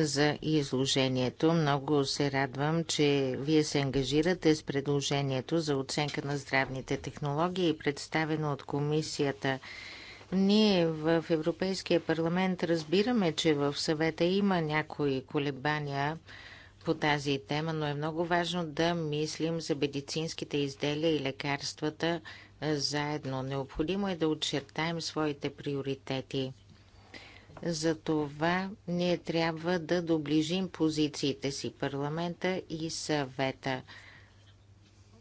A: за изложението. Много се радвам, че вие се ангажирате с предложението за оценка на здравните технологии, представено от комисията. Ние в Европейския парламент разбираме, че в съвета има някои колебания по тази тема, но е много важно да мислим за медицинските изделия и лекарствата заедно. Необходимо е да очертаем своите приоритети. За това ние трябва да доближим позициите си парламента и съвета.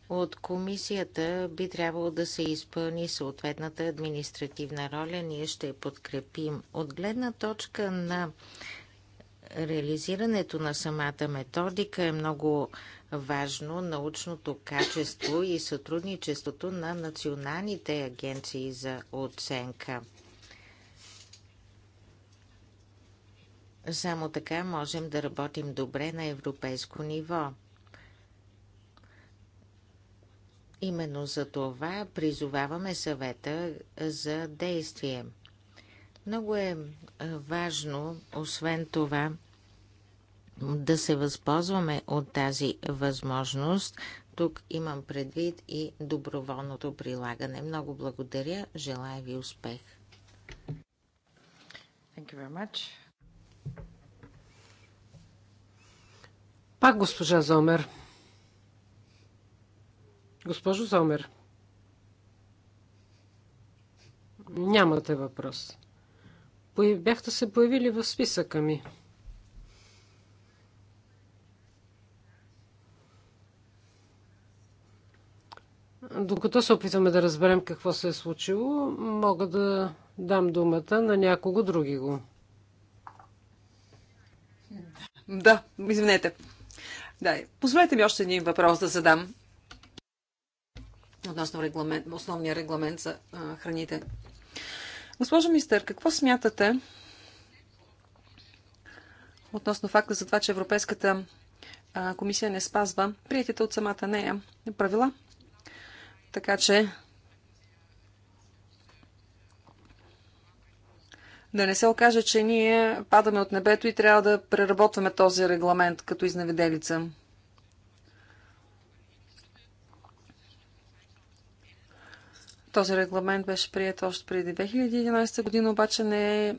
A: От комисията би трябвало да се изпълни съответната административна роля. Ние ще подкрепим. От гледна точка на реализирането на самата методика е много важно научното качество и сътрудничеството на националните агенции за оценка – Само така можем да работим добре на европейско ниво. Именно за това призоваваме съвета за действие. Много е важно, освен това, да се възползваме от тази възможност. Тук имам предвид и доброволното прилагане. Много благодаря. Желая ви успех. Thank you very much. Пак госпожа
C: Зомер. Госпожо Зомер. Нямате въпрос. Бяхте се появили в списъка ми. Докато се опитваме да разберем какво се е случило, мога да дам думата на някого други го. Да, извинете. Да,
B: позволете ми още един въпрос да задам относно регламент, основния регламент за а, храните. Госпожо Мистер, какво смятате относно факта за това, че Европейската а, комисия не спазва приятите от самата нея правила? Така че Да не се окаже, че ние падаме от небето и трябва да преработваме този регламент като изневиделица. Този регламент беше прият още преди 2011 година, обаче не е,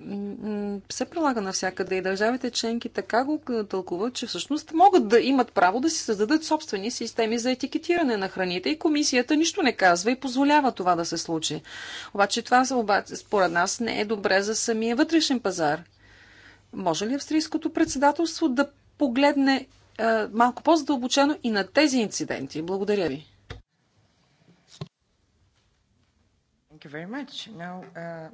B: се прилага навсякъде и държавите членки така го тълкуват, че всъщност могат да имат право да си създадат собствени системи за етикетиране на храните и комисията нищо не казва и позволява това да се случи. Обаче това обаче, според нас не е добре за самия вътрешен пазар. Може ли австрийското председателство да погледне е, малко по-задълбочено и на тези инциденти? Благодаря ви.
A: Uh,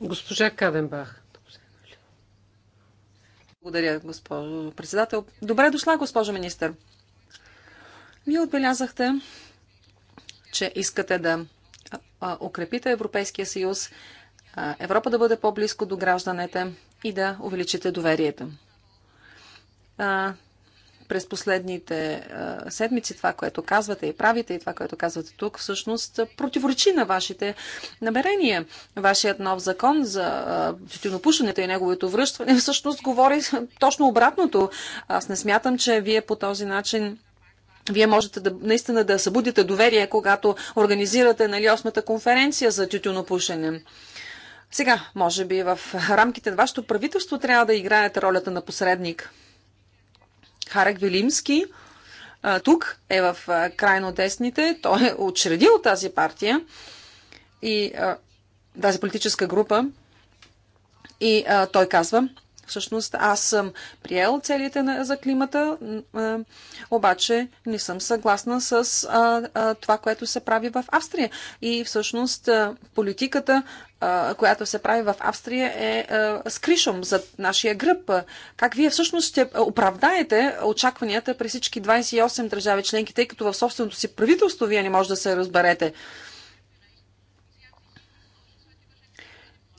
C: Госпожа Каденбах. Благодаря,
B: госпожо
C: председател. Добре дошла,
B: госпожо министър. Вие отбелязахте, че искате да укрепите Европейския съюз, Европа да бъде по-близко до гражданите и да увеличите доверието през последните а, седмици, това, което казвате и правите, и това, което казвате тук, всъщност противоречи на вашите намерения. Вашият нов закон за тютюнопушенето и неговото връщане всъщност говори точно обратното. Аз не смятам, че вие по този начин вие можете да, наистина да събудите доверие, когато организирате нали, 8-та конференция за тютюнопушене. Сега, може би в рамките на вашето правителство трябва да играете ролята на посредник. Харек Вилимски, тук е в крайно десните, той е учредил тази партия и тази политическа група и той казва, Всъщност аз съм приел целите за климата, обаче не съм съгласна с това, което се прави в Австрия. И всъщност политиката, която се прави в Австрия е скришом за нашия гръб. Как вие всъщност ще оправдаете очакванията при всички 28 държави членки, тъй като в собственото си правителство вие не може да се разберете?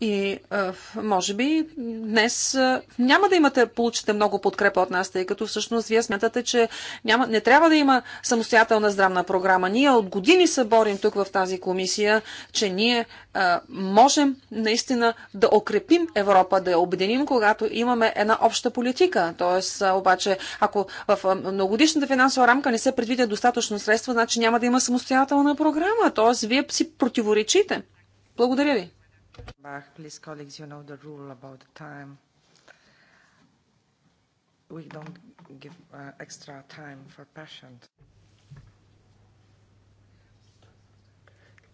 B: И а, може би днес а, няма да имате, получите много подкрепа от нас, тъй като всъщност вие смятате, че няма, не трябва да има самостоятелна здравна програма. Ние от години се борим тук в тази комисия, че ние а, можем наистина да окрепим Европа, да я обединим, когато имаме една обща политика. Тоест, а, обаче, ако в многодишната финансова рамка не се предвидят достатъчно средства, значи няма да има самостоятелна програма. Тоест, вие си противоречите. Благодаря ви.
A: Back, please, colleagues, you know the rule about the time. We don't give uh, extra time for patient.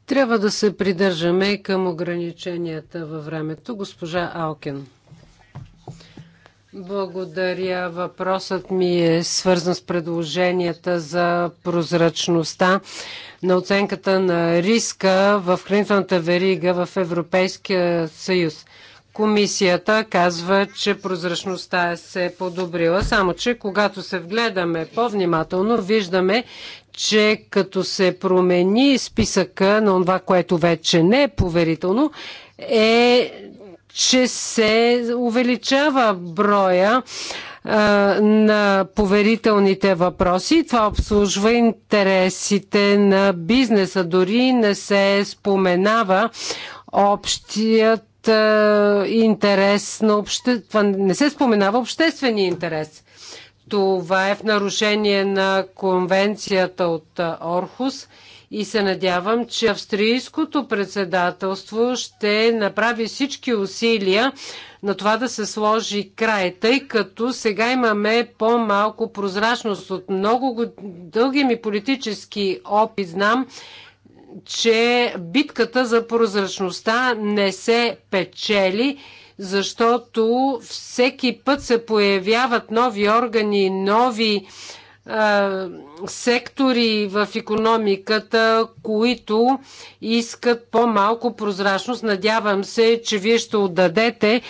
C: Трябва да се придържаме към ограниченията във времето. Госпожа Алкен. Благодаря. Въпросът ми е свързан с предложенията за прозрачността на оценката на риска в хранителната верига в Европейския съюз. Комисията казва, че прозрачността се е подобрила, само че когато се вгледаме по-внимателно, виждаме, че като се промени списъка на това, което вече не е поверително, е че се увеличава броя на поверителните въпроси. Това обслужва интересите на бизнеса. Дори не се споменава общият интерес на обще... Това не се споменава обществения интерес. Това е в нарушение на конвенцията от Орхус – и се надявам, че австрийското председателство ще направи всички усилия на това да се сложи край, тъй като сега имаме по-малко прозрачност от много дълги ми политически опит. Знам, че битката за прозрачността не се печели, защото всеки път се появяват нови органи, нови сектори в економиката, които искат по-малко прозрачност. Надявам се, че вие ще отдадете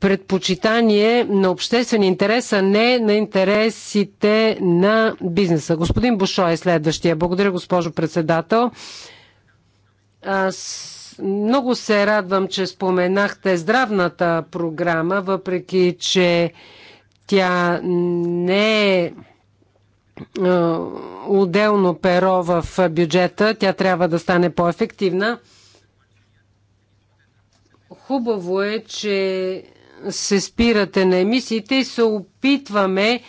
C: предпочитание на обществен интерес, а не на интересите на бизнеса. Господин Бушо е следващия. Благодаря, госпожо председател. Аз много се радвам, че споменахте здравната програма, въпреки че тя не е отделно перо в бюджета. Тя трябва да стане по-ефективна. Хубаво е, че се спирате на емисиите и се опитваме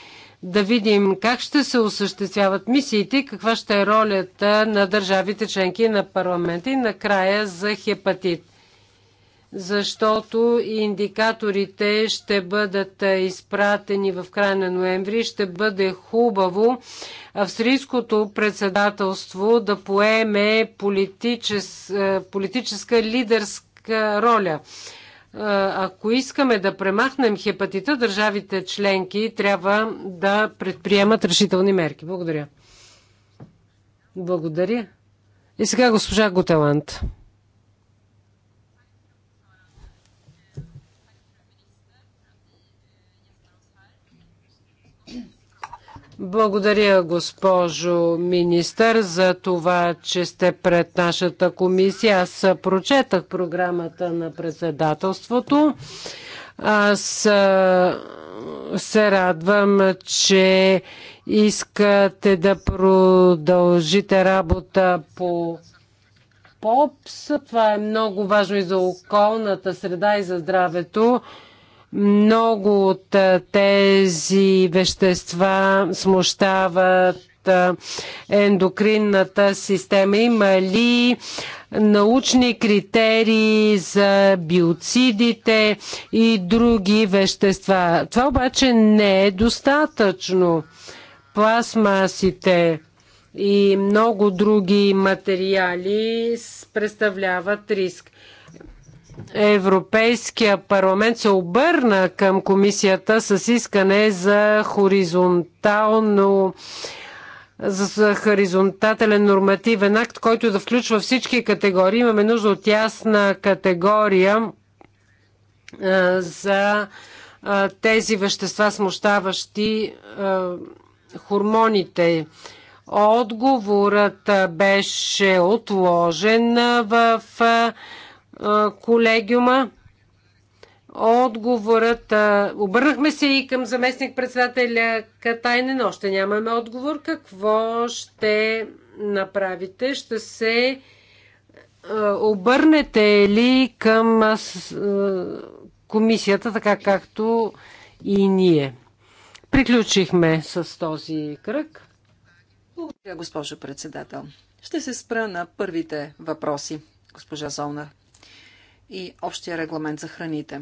C: да видим как ще се осъществяват мисиите и каква ще е ролята на държавите членки на парламента и накрая за хепатит защото индикаторите ще бъдат е, изпратени в края на ноември. Ще бъде хубаво австрийското председателство да поеме политичес, е, политическа лидерска роля. Е, ако искаме да премахнем хепатита, държавите членки трябва да предприемат решителни мерки. Благодаря. Благодаря. И сега госпожа Готеланд. Благодаря, госпожо министър, за това, че сте пред нашата комисия. Аз прочетах програмата на председателството. Аз се радвам, че искате да продължите работа по ПОПС. Това е много важно и за околната среда и за здравето. Много от тези вещества смущават ендокринната система? Има ли научни критерии за биоцидите и други вещества? Това обаче не е достатъчно. Пластмасите и много други материали представляват риск. Европейския парламент се обърна към комисията с искане за хоризонтално за хоризонтателен нормативен акт, който да включва всички категории. Имаме нужда от ясна категория за тези вещества, смущаващи хормоните. Отговорът беше отложен в колегиума. Отговорът. Обърнахме се и към заместник-председателя Катайнен. Още нямаме отговор. Какво ще направите? Ще се обърнете ли към комисията, така както и ние? Приключихме с този кръг. Благодаря, госпожо председател. Ще се спра
B: на първите въпроси, госпожа Солна и общия регламент за храните.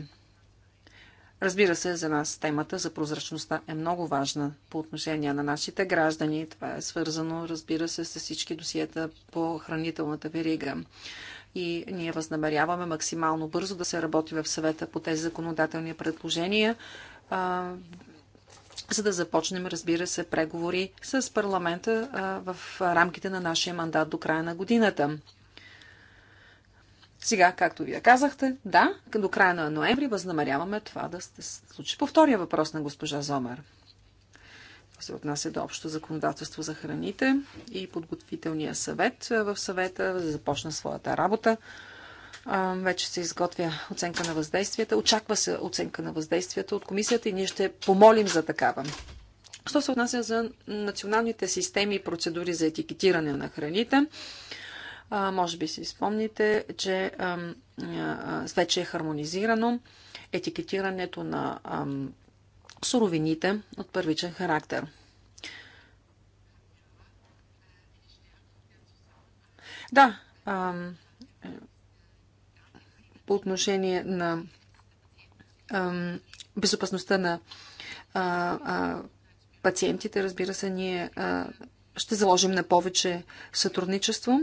B: Разбира се, за нас темата за прозрачността е много важна по отношение на нашите граждани. Това е свързано, разбира се, с всички досиета по хранителната верига. И ние възнамеряваме максимално бързо да се работи в съвета по тези законодателни предложения, а, за да започнем, разбира се, преговори с парламента а, в рамките на нашия мандат до края на годината. Сега, както вие казахте, да, до края на ноември възнамеряваме това да се случи. По втория въпрос на госпожа Зомер. Това се отнася до общо законодателство за храните и подготвителния съвет в съвета да започна своята работа. Вече се изготвя оценка на въздействията. Очаква се оценка на въздействията от комисията и ние ще помолим за такава. Що се отнася за националните системи и процедури за етикетиране на храните, а, може би си спомните, че а, а, вече е хармонизирано етикетирането на а, суровините от първичен характер. Да, а, е, по отношение на а, безопасността на а, а, пациентите, разбира се, ние а, ще заложим на повече сътрудничество.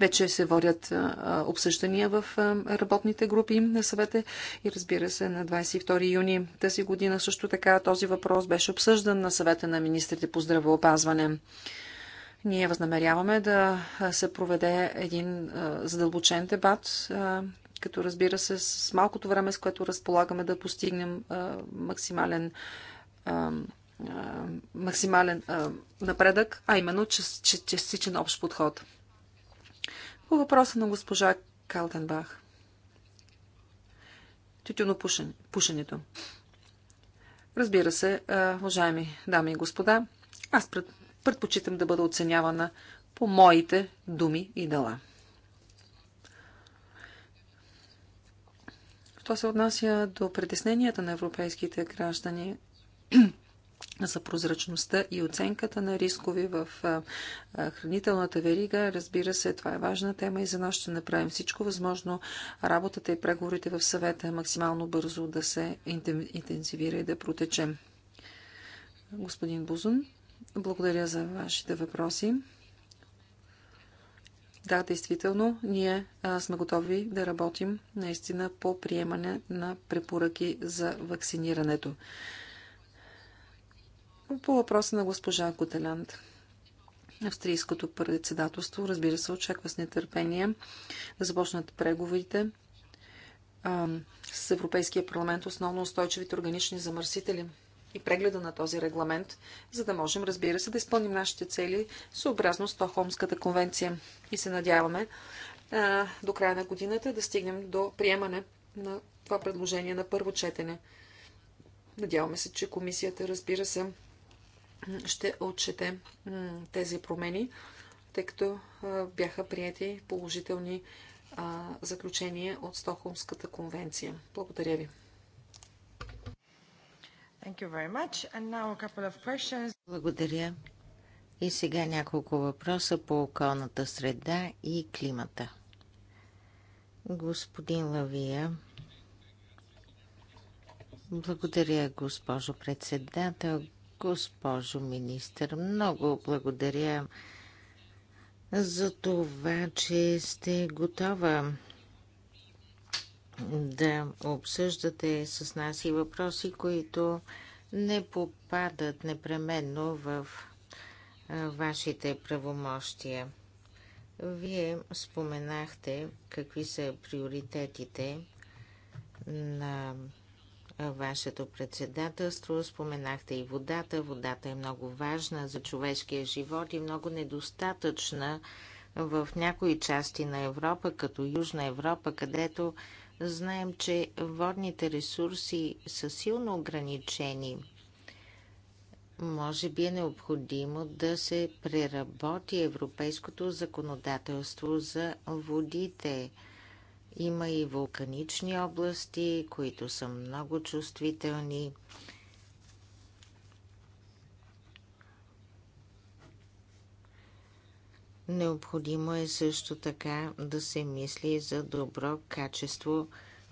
B: Вече се водят обсъждания в работните групи на съвета и разбира се на 22 юни тази година също така този въпрос беше обсъждан на съвета на министрите по здравеопазване. Ние възнамеряваме да се проведе един задълбочен дебат като разбира се с малкото време, с което разполагаме да постигнем максимален, максимален а, напредък, а именно частичен общ подход. По въпроса на госпожа Калтенбах. Тютюнопушенето. Пушенето. Разбира се, уважаеми дами и господа, аз предпочитам да бъда оценявана по моите думи и дела. Що се отнася до притесненията на европейските граждани за прозрачността и оценката на рискови в хранителната верига. Разбира се, това е важна тема и за нас ще направим всичко възможно работата и преговорите в съвета максимално бързо да се интензивира и да протечем. Господин Бузун, благодаря за вашите въпроси. Да, действително, ние а, сме готови да работим наистина по приемане на препоръки за вакцинирането. По въпроса на госпожа Котелянд. Австрийското председателство, разбира се, очаква с нетърпение да започнат преговорите а, с Европейския парламент, основно устойчивите органични замърсители и прегледа на този регламент, за да можем, разбира се, да изпълним нашите цели съобразно с Тохомската конвенция. И се надяваме а, до края на годината да стигнем до приемане на това предложение на първо четене. Надяваме се, че комисията, разбира се, ще отчете тези промени, тъй като бяха прияти положителни заключения от Стокхолмската конвенция. Благодаря ви.
A: Благодаря. И сега няколко въпроса по околната среда и климата. Господин Лавия, благодаря, госпожо председател, госпожо министър. Много благодаря за това, че сте готова да обсъждате с нас и въпроси, които не попадат непременно в вашите правомощия. Вие споменахте какви са приоритетите на вашето председателство. Споменахте и водата. Водата е много важна за човешкия живот и много недостатъчна в някои части на Европа, като Южна Европа, където знаем, че водните ресурси са силно ограничени. Може би е необходимо да се преработи европейското законодателство за водите. Има и вулканични области, които са много чувствителни. Необходимо е също така да се мисли за добро качество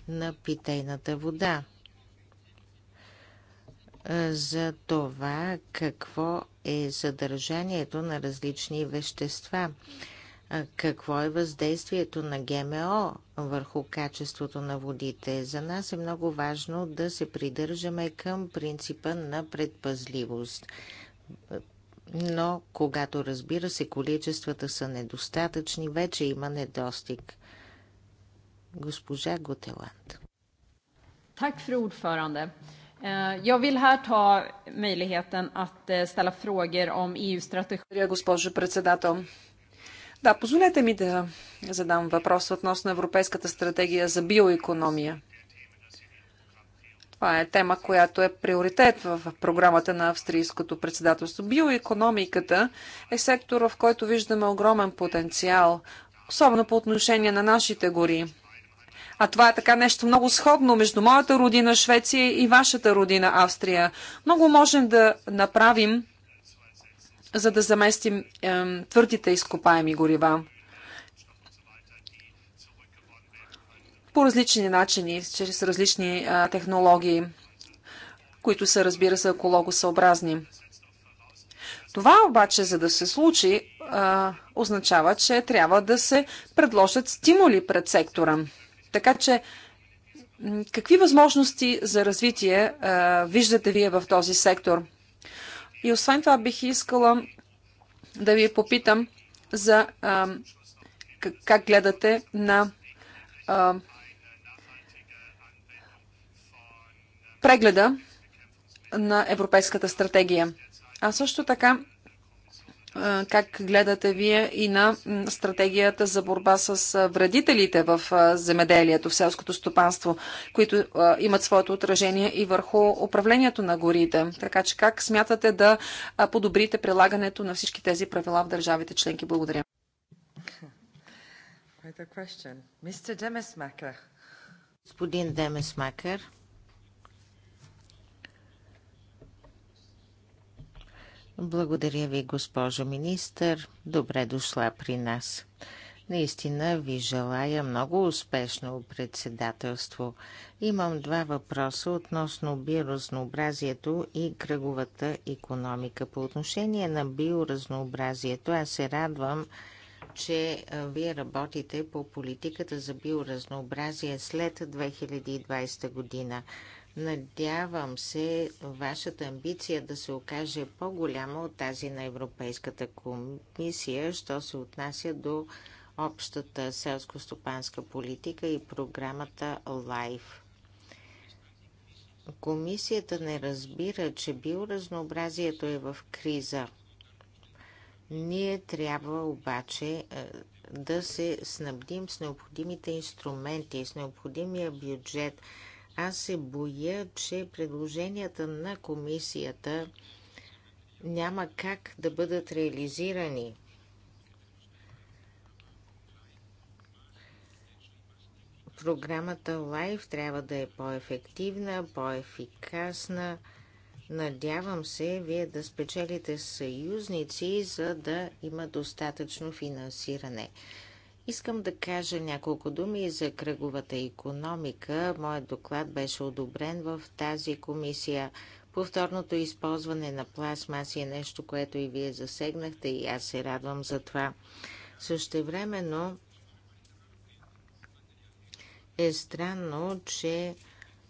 A: на питейната вода. За това какво е съдържанието на различни вещества какво е въздействието на ГМО върху качеството на водите. За нас е много важно да се придържаме към принципа на предпазливост. Но когато разбира се количествата са недостатъчни, вече има недостиг. Госпожа Готеланд.
B: Так, fru ordförande. Я вил хар та möjligheten ат eh, ställa фрогер ом eu стратегия Госпожо председател, да, позволете ми да задам въпрос относно Европейската стратегия за биоекономия. Това е тема, която е приоритет в програмата на австрийското председателство. Биоекономиката е сектор, в който виждаме огромен потенциал, особено по отношение на нашите гори. А това е така нещо много сходно между моята родина Швеция и вашата родина Австрия. Много можем да направим за да заместим е, твърдите изкопаеми горива. По различни начини, чрез различни е, технологии, които са, разбира се, екологосъобразни. Това обаче, за да се случи, е, означава, че трябва да се предложат стимули пред сектора. Така че, какви възможности за развитие виждате вие в този сектор? И освен това бих искала да ви попитам за а, как гледате на а, прегледа на Европейската стратегия. А също така как гледате вие и на стратегията за борба с вредителите в земеделието, в селското стопанство, които имат своето отражение и върху управлението на горите. Така че как смятате да подобрите прилагането на всички тези правила в държавите членки? Благодаря.
A: Господин Демесмакър. Благодаря ви, госпожо министър. Добре дошла при нас. Наистина ви желая много успешно председателство. Имам два въпроса относно биоразнообразието и кръговата економика. По отношение на биоразнообразието, аз се радвам, че вие работите по политиката за биоразнообразие след 2020 година. Надявам се вашата амбиция да се окаже по-голяма от тази на Европейската комисия, що се отнася до общата селско-стопанска политика и програмата LIFE. Комисията не разбира, че биоразнообразието е в криза. Ние трябва обаче е, да се снабдим с необходимите инструменти, с необходимия бюджет – аз се боя, че предложенията на комисията няма как да бъдат реализирани. Програмата ЛАЙФ трябва да е по-ефективна, по-ефикасна. Надявам се вие да спечелите съюзници, за да има достатъчно финансиране. Искам да кажа няколко думи за кръговата економика. Моят доклад беше одобрен в тази комисия. Повторното използване на пластмаси е нещо, което и вие засегнахте и аз се радвам за това. Същевременно е странно, че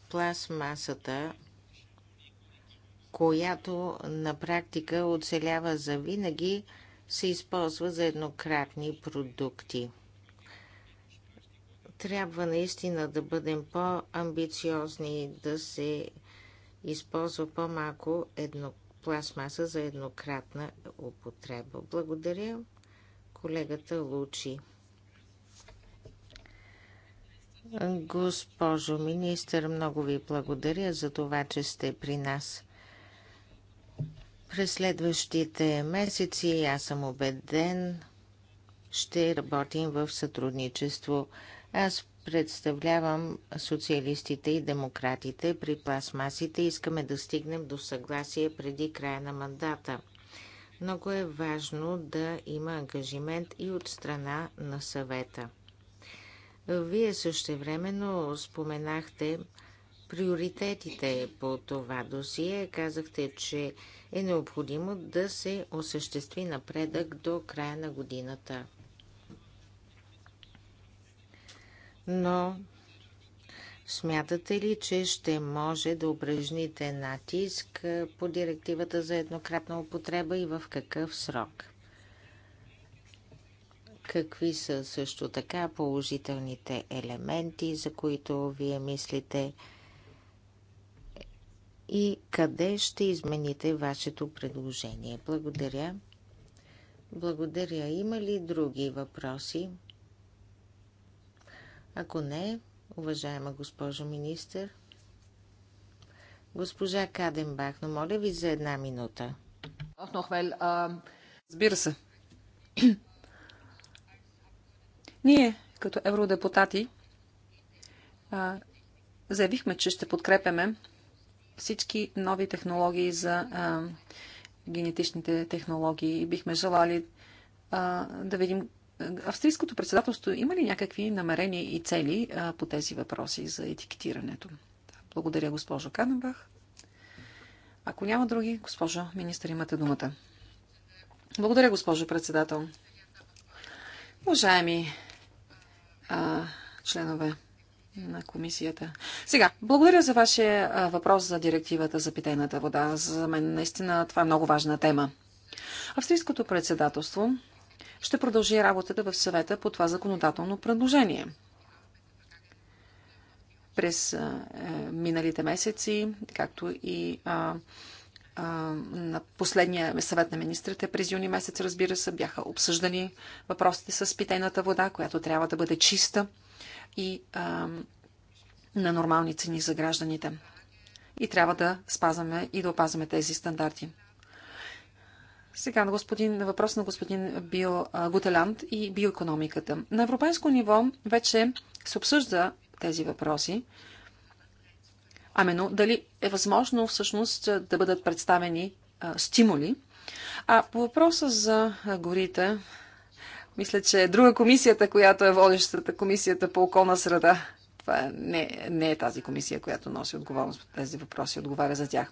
A: пластмасата, която на практика оцелява завинаги, се използва за еднократни продукти. Трябва наистина да бъдем по-амбициозни, да се използва по-малко едно, пластмаса за еднократна употреба. Благодаря колегата Лучи. Госпожо министър, много ви благодаря за това, че сте при нас. През следващите месеци, аз съм убеден, ще работим в сътрудничество. Аз представлявам социалистите и демократите при пластмасите. Искаме да стигнем до съгласие преди края на мандата. Много е важно да има ангажимент и от страна на съвета. Вие същевременно споменахте приоритетите по това досие. Казахте, че е необходимо да се осъществи напредък до края на годината. но смятате ли, че ще може да упражните натиск по директивата за еднократна употреба и в какъв срок? Какви са също така положителните елементи, за които вие мислите? И къде ще измените вашето предложение? Благодаря. Благодаря. Има ли други въпроси? Ако не, уважаема госпожо министър, госпожа Каденбах, но моля ви за една минута. Разбира се.
B: Ние, като евродепутати, заявихме, че ще подкрепяме всички нови технологии за генетичните технологии. Бихме желали да видим Австрийското председателство има ли някакви намерения и цели по тези въпроси за етикетирането? Благодаря, госпожо Каденбах. Ако няма други, госпожо министър, имате думата. Благодаря, госпожо председател. Уважаеми а, членове на комисията. Сега, благодаря за вашия въпрос за директивата за питейната вода. За мен наистина това е много важна тема. Австрийското председателство ще продължи работата в съвета по това законодателно предложение. През е, миналите месеци, както и на последния съвет на министрите през юни месец, разбира се, бяха обсъждани въпросите с питейната вода, която трябва да бъде чиста и на нормални цени за гражданите. И трябва да спазваме и да опазваме тези стандарти. Сега на, господин, на въпрос на господин Бил Гутеланд и биоекономиката. На европейско ниво вече се обсъжда тези въпроси. Амено, дали е възможно всъщност да бъдат представени а, стимули. А по въпроса за горите, мисля, че е друга комисията, която е водещата, комисията по околна среда. Това не, не е тази комисия, която носи отговорност по тези въпроси, отговаря за тях.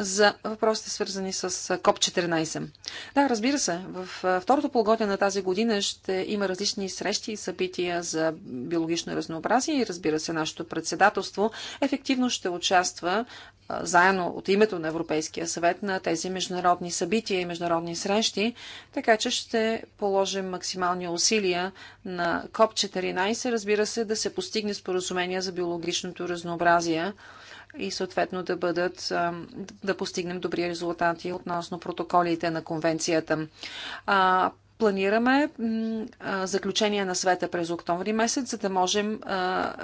B: за въпросите свързани с КОП-14. Да, разбира се, в второто полугодие на тази година ще има различни срещи и събития за биологично разнообразие и разбира се, нашето председателство ефективно ще участва заедно от името на Европейския съвет на тези международни събития и международни срещи, така че ще положим максимални усилия на КОП-14, разбира се, да се постигне споразумение за биологичното разнообразие и съответно да бъдат, да постигнем добри резултати относно протоколите на конвенцията планираме заключение на света през октомври месец, за да можем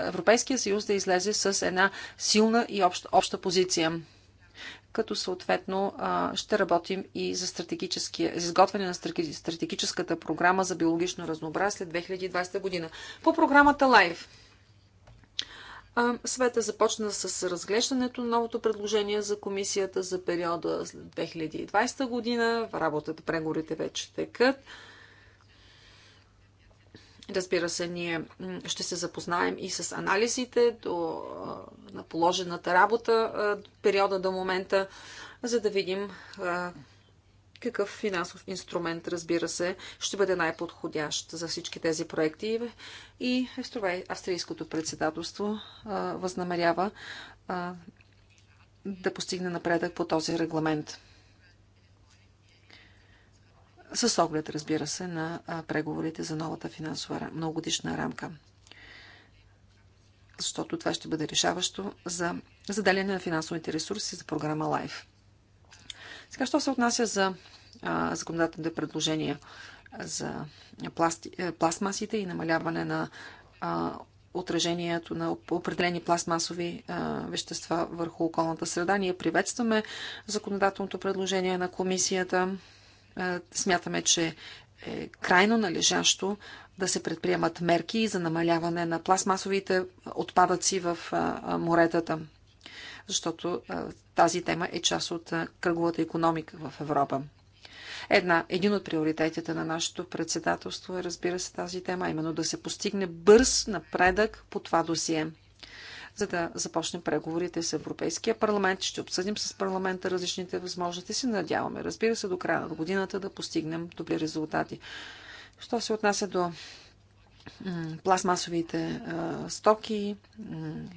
B: Европейския съюз да излезе с една силна и обща, обща позиция. Като съответно ще работим и за, за изготвяне на стратегическата програма за биологично разнообразие след 2020 година. По програмата LIFE. Света започна с разглеждането на новото предложение за комисията за периода след 2020 година. Работата, преговорите вече текат. Разбира се, ние ще се запознаем и с анализите до, на положената работа периода до момента, за да видим какъв финансов инструмент, разбира се, ще бъде най-подходящ за всички тези проекти. И австрийското председателство възнамерява да постигне напредък по този регламент. С оглед, разбира се, на преговорите за новата финансова многогодишна рамка. Защото това ще бъде решаващо за заделяне на финансовите ресурси за програма LIFE. Сега, що се отнася за законодателните предложения за пласти, е, пластмасите и намаляване на а, отражението на определени пластмасови а, вещества върху околната среда. Ние приветстваме законодателното предложение на комисията. А, е, смятаме, че е крайно належащо да се предприемат мерки за намаляване на пластмасовите отпадъци в моретата защото тази тема е част от кръговата економика в Европа. Една, един от приоритетите на нашето председателство е, разбира се, тази тема, именно да се постигне бърз напредък по това досие. За да започнем преговорите с Европейския парламент, ще обсъдим с парламента различните възможности. Се надяваме, разбира се, до края на годината да постигнем добри резултати. Що се отнася до пластмасовите а, стоки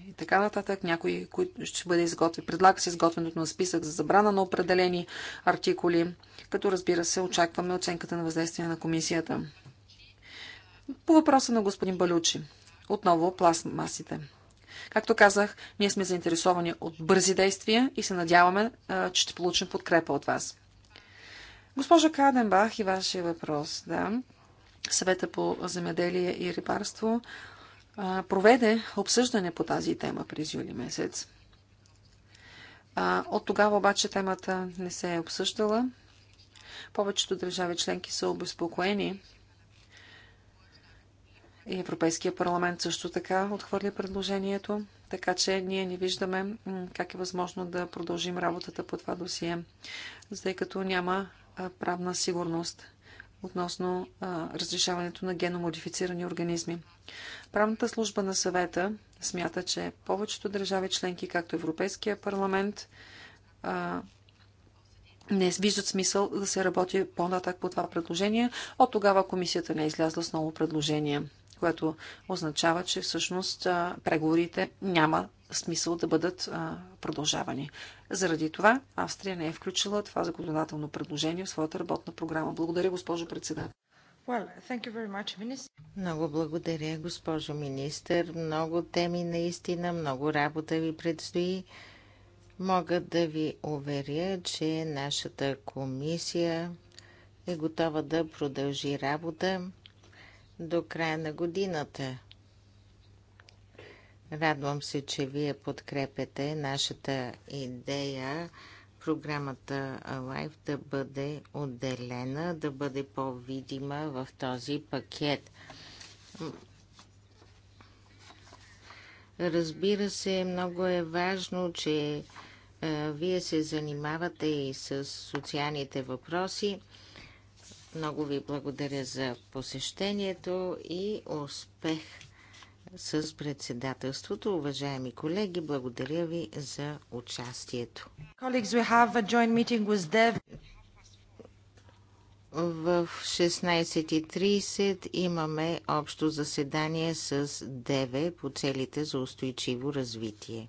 B: и така нататък. Някои, които ще бъде изготвен, предлага се изготвянето на списък за забрана на определени артикули, като разбира се очакваме оценката на въздействие на комисията. По въпроса на господин Балючи. Отново пластмасите. Както казах, ние сме заинтересовани от бързи действия и се надяваме, а, че ще получим подкрепа от вас. Госпожа Каденбах и вашия въпрос, да съвета по земеделие и рибарство проведе обсъждане по тази тема през юли месец. От тогава обаче темата не се е обсъждала. Повечето държави членки са обезпокоени и Европейския парламент също така отхвърля предложението, така че ние не виждаме как е възможно да продължим работата по това досие, тъй като няма правна сигурност относно а, разрешаването на геномодифицирани организми. Правната служба на съвета смята, че повечето държави членки, както Европейския парламент, а, не виждат смисъл да се работи по-нататък по това предложение. От тогава комисията не е излязла с ново предложение което означава, че всъщност преговорите няма смисъл да бъдат продължавани. Заради това Австрия не е включила това законодателно предложение в своята работна програма. Благодаря, госпожо председател.
A: Well, much, много благодаря, госпожо министър. Много теми наистина, много работа ви предстои. Мога да ви уверя, че нашата комисия е готова да продължи работа до края на годината. Радвам се, че вие подкрепяте нашата идея програмата Live да бъде отделена, да бъде по-видима в този пакет. Разбира се, много е важно, че вие се занимавате и с социалните въпроси. Много ви благодаря за посещението и успех с председателството. Уважаеми колеги, благодаря ви за участието. В 16.30 имаме общо заседание с ДВ по целите за устойчиво развитие.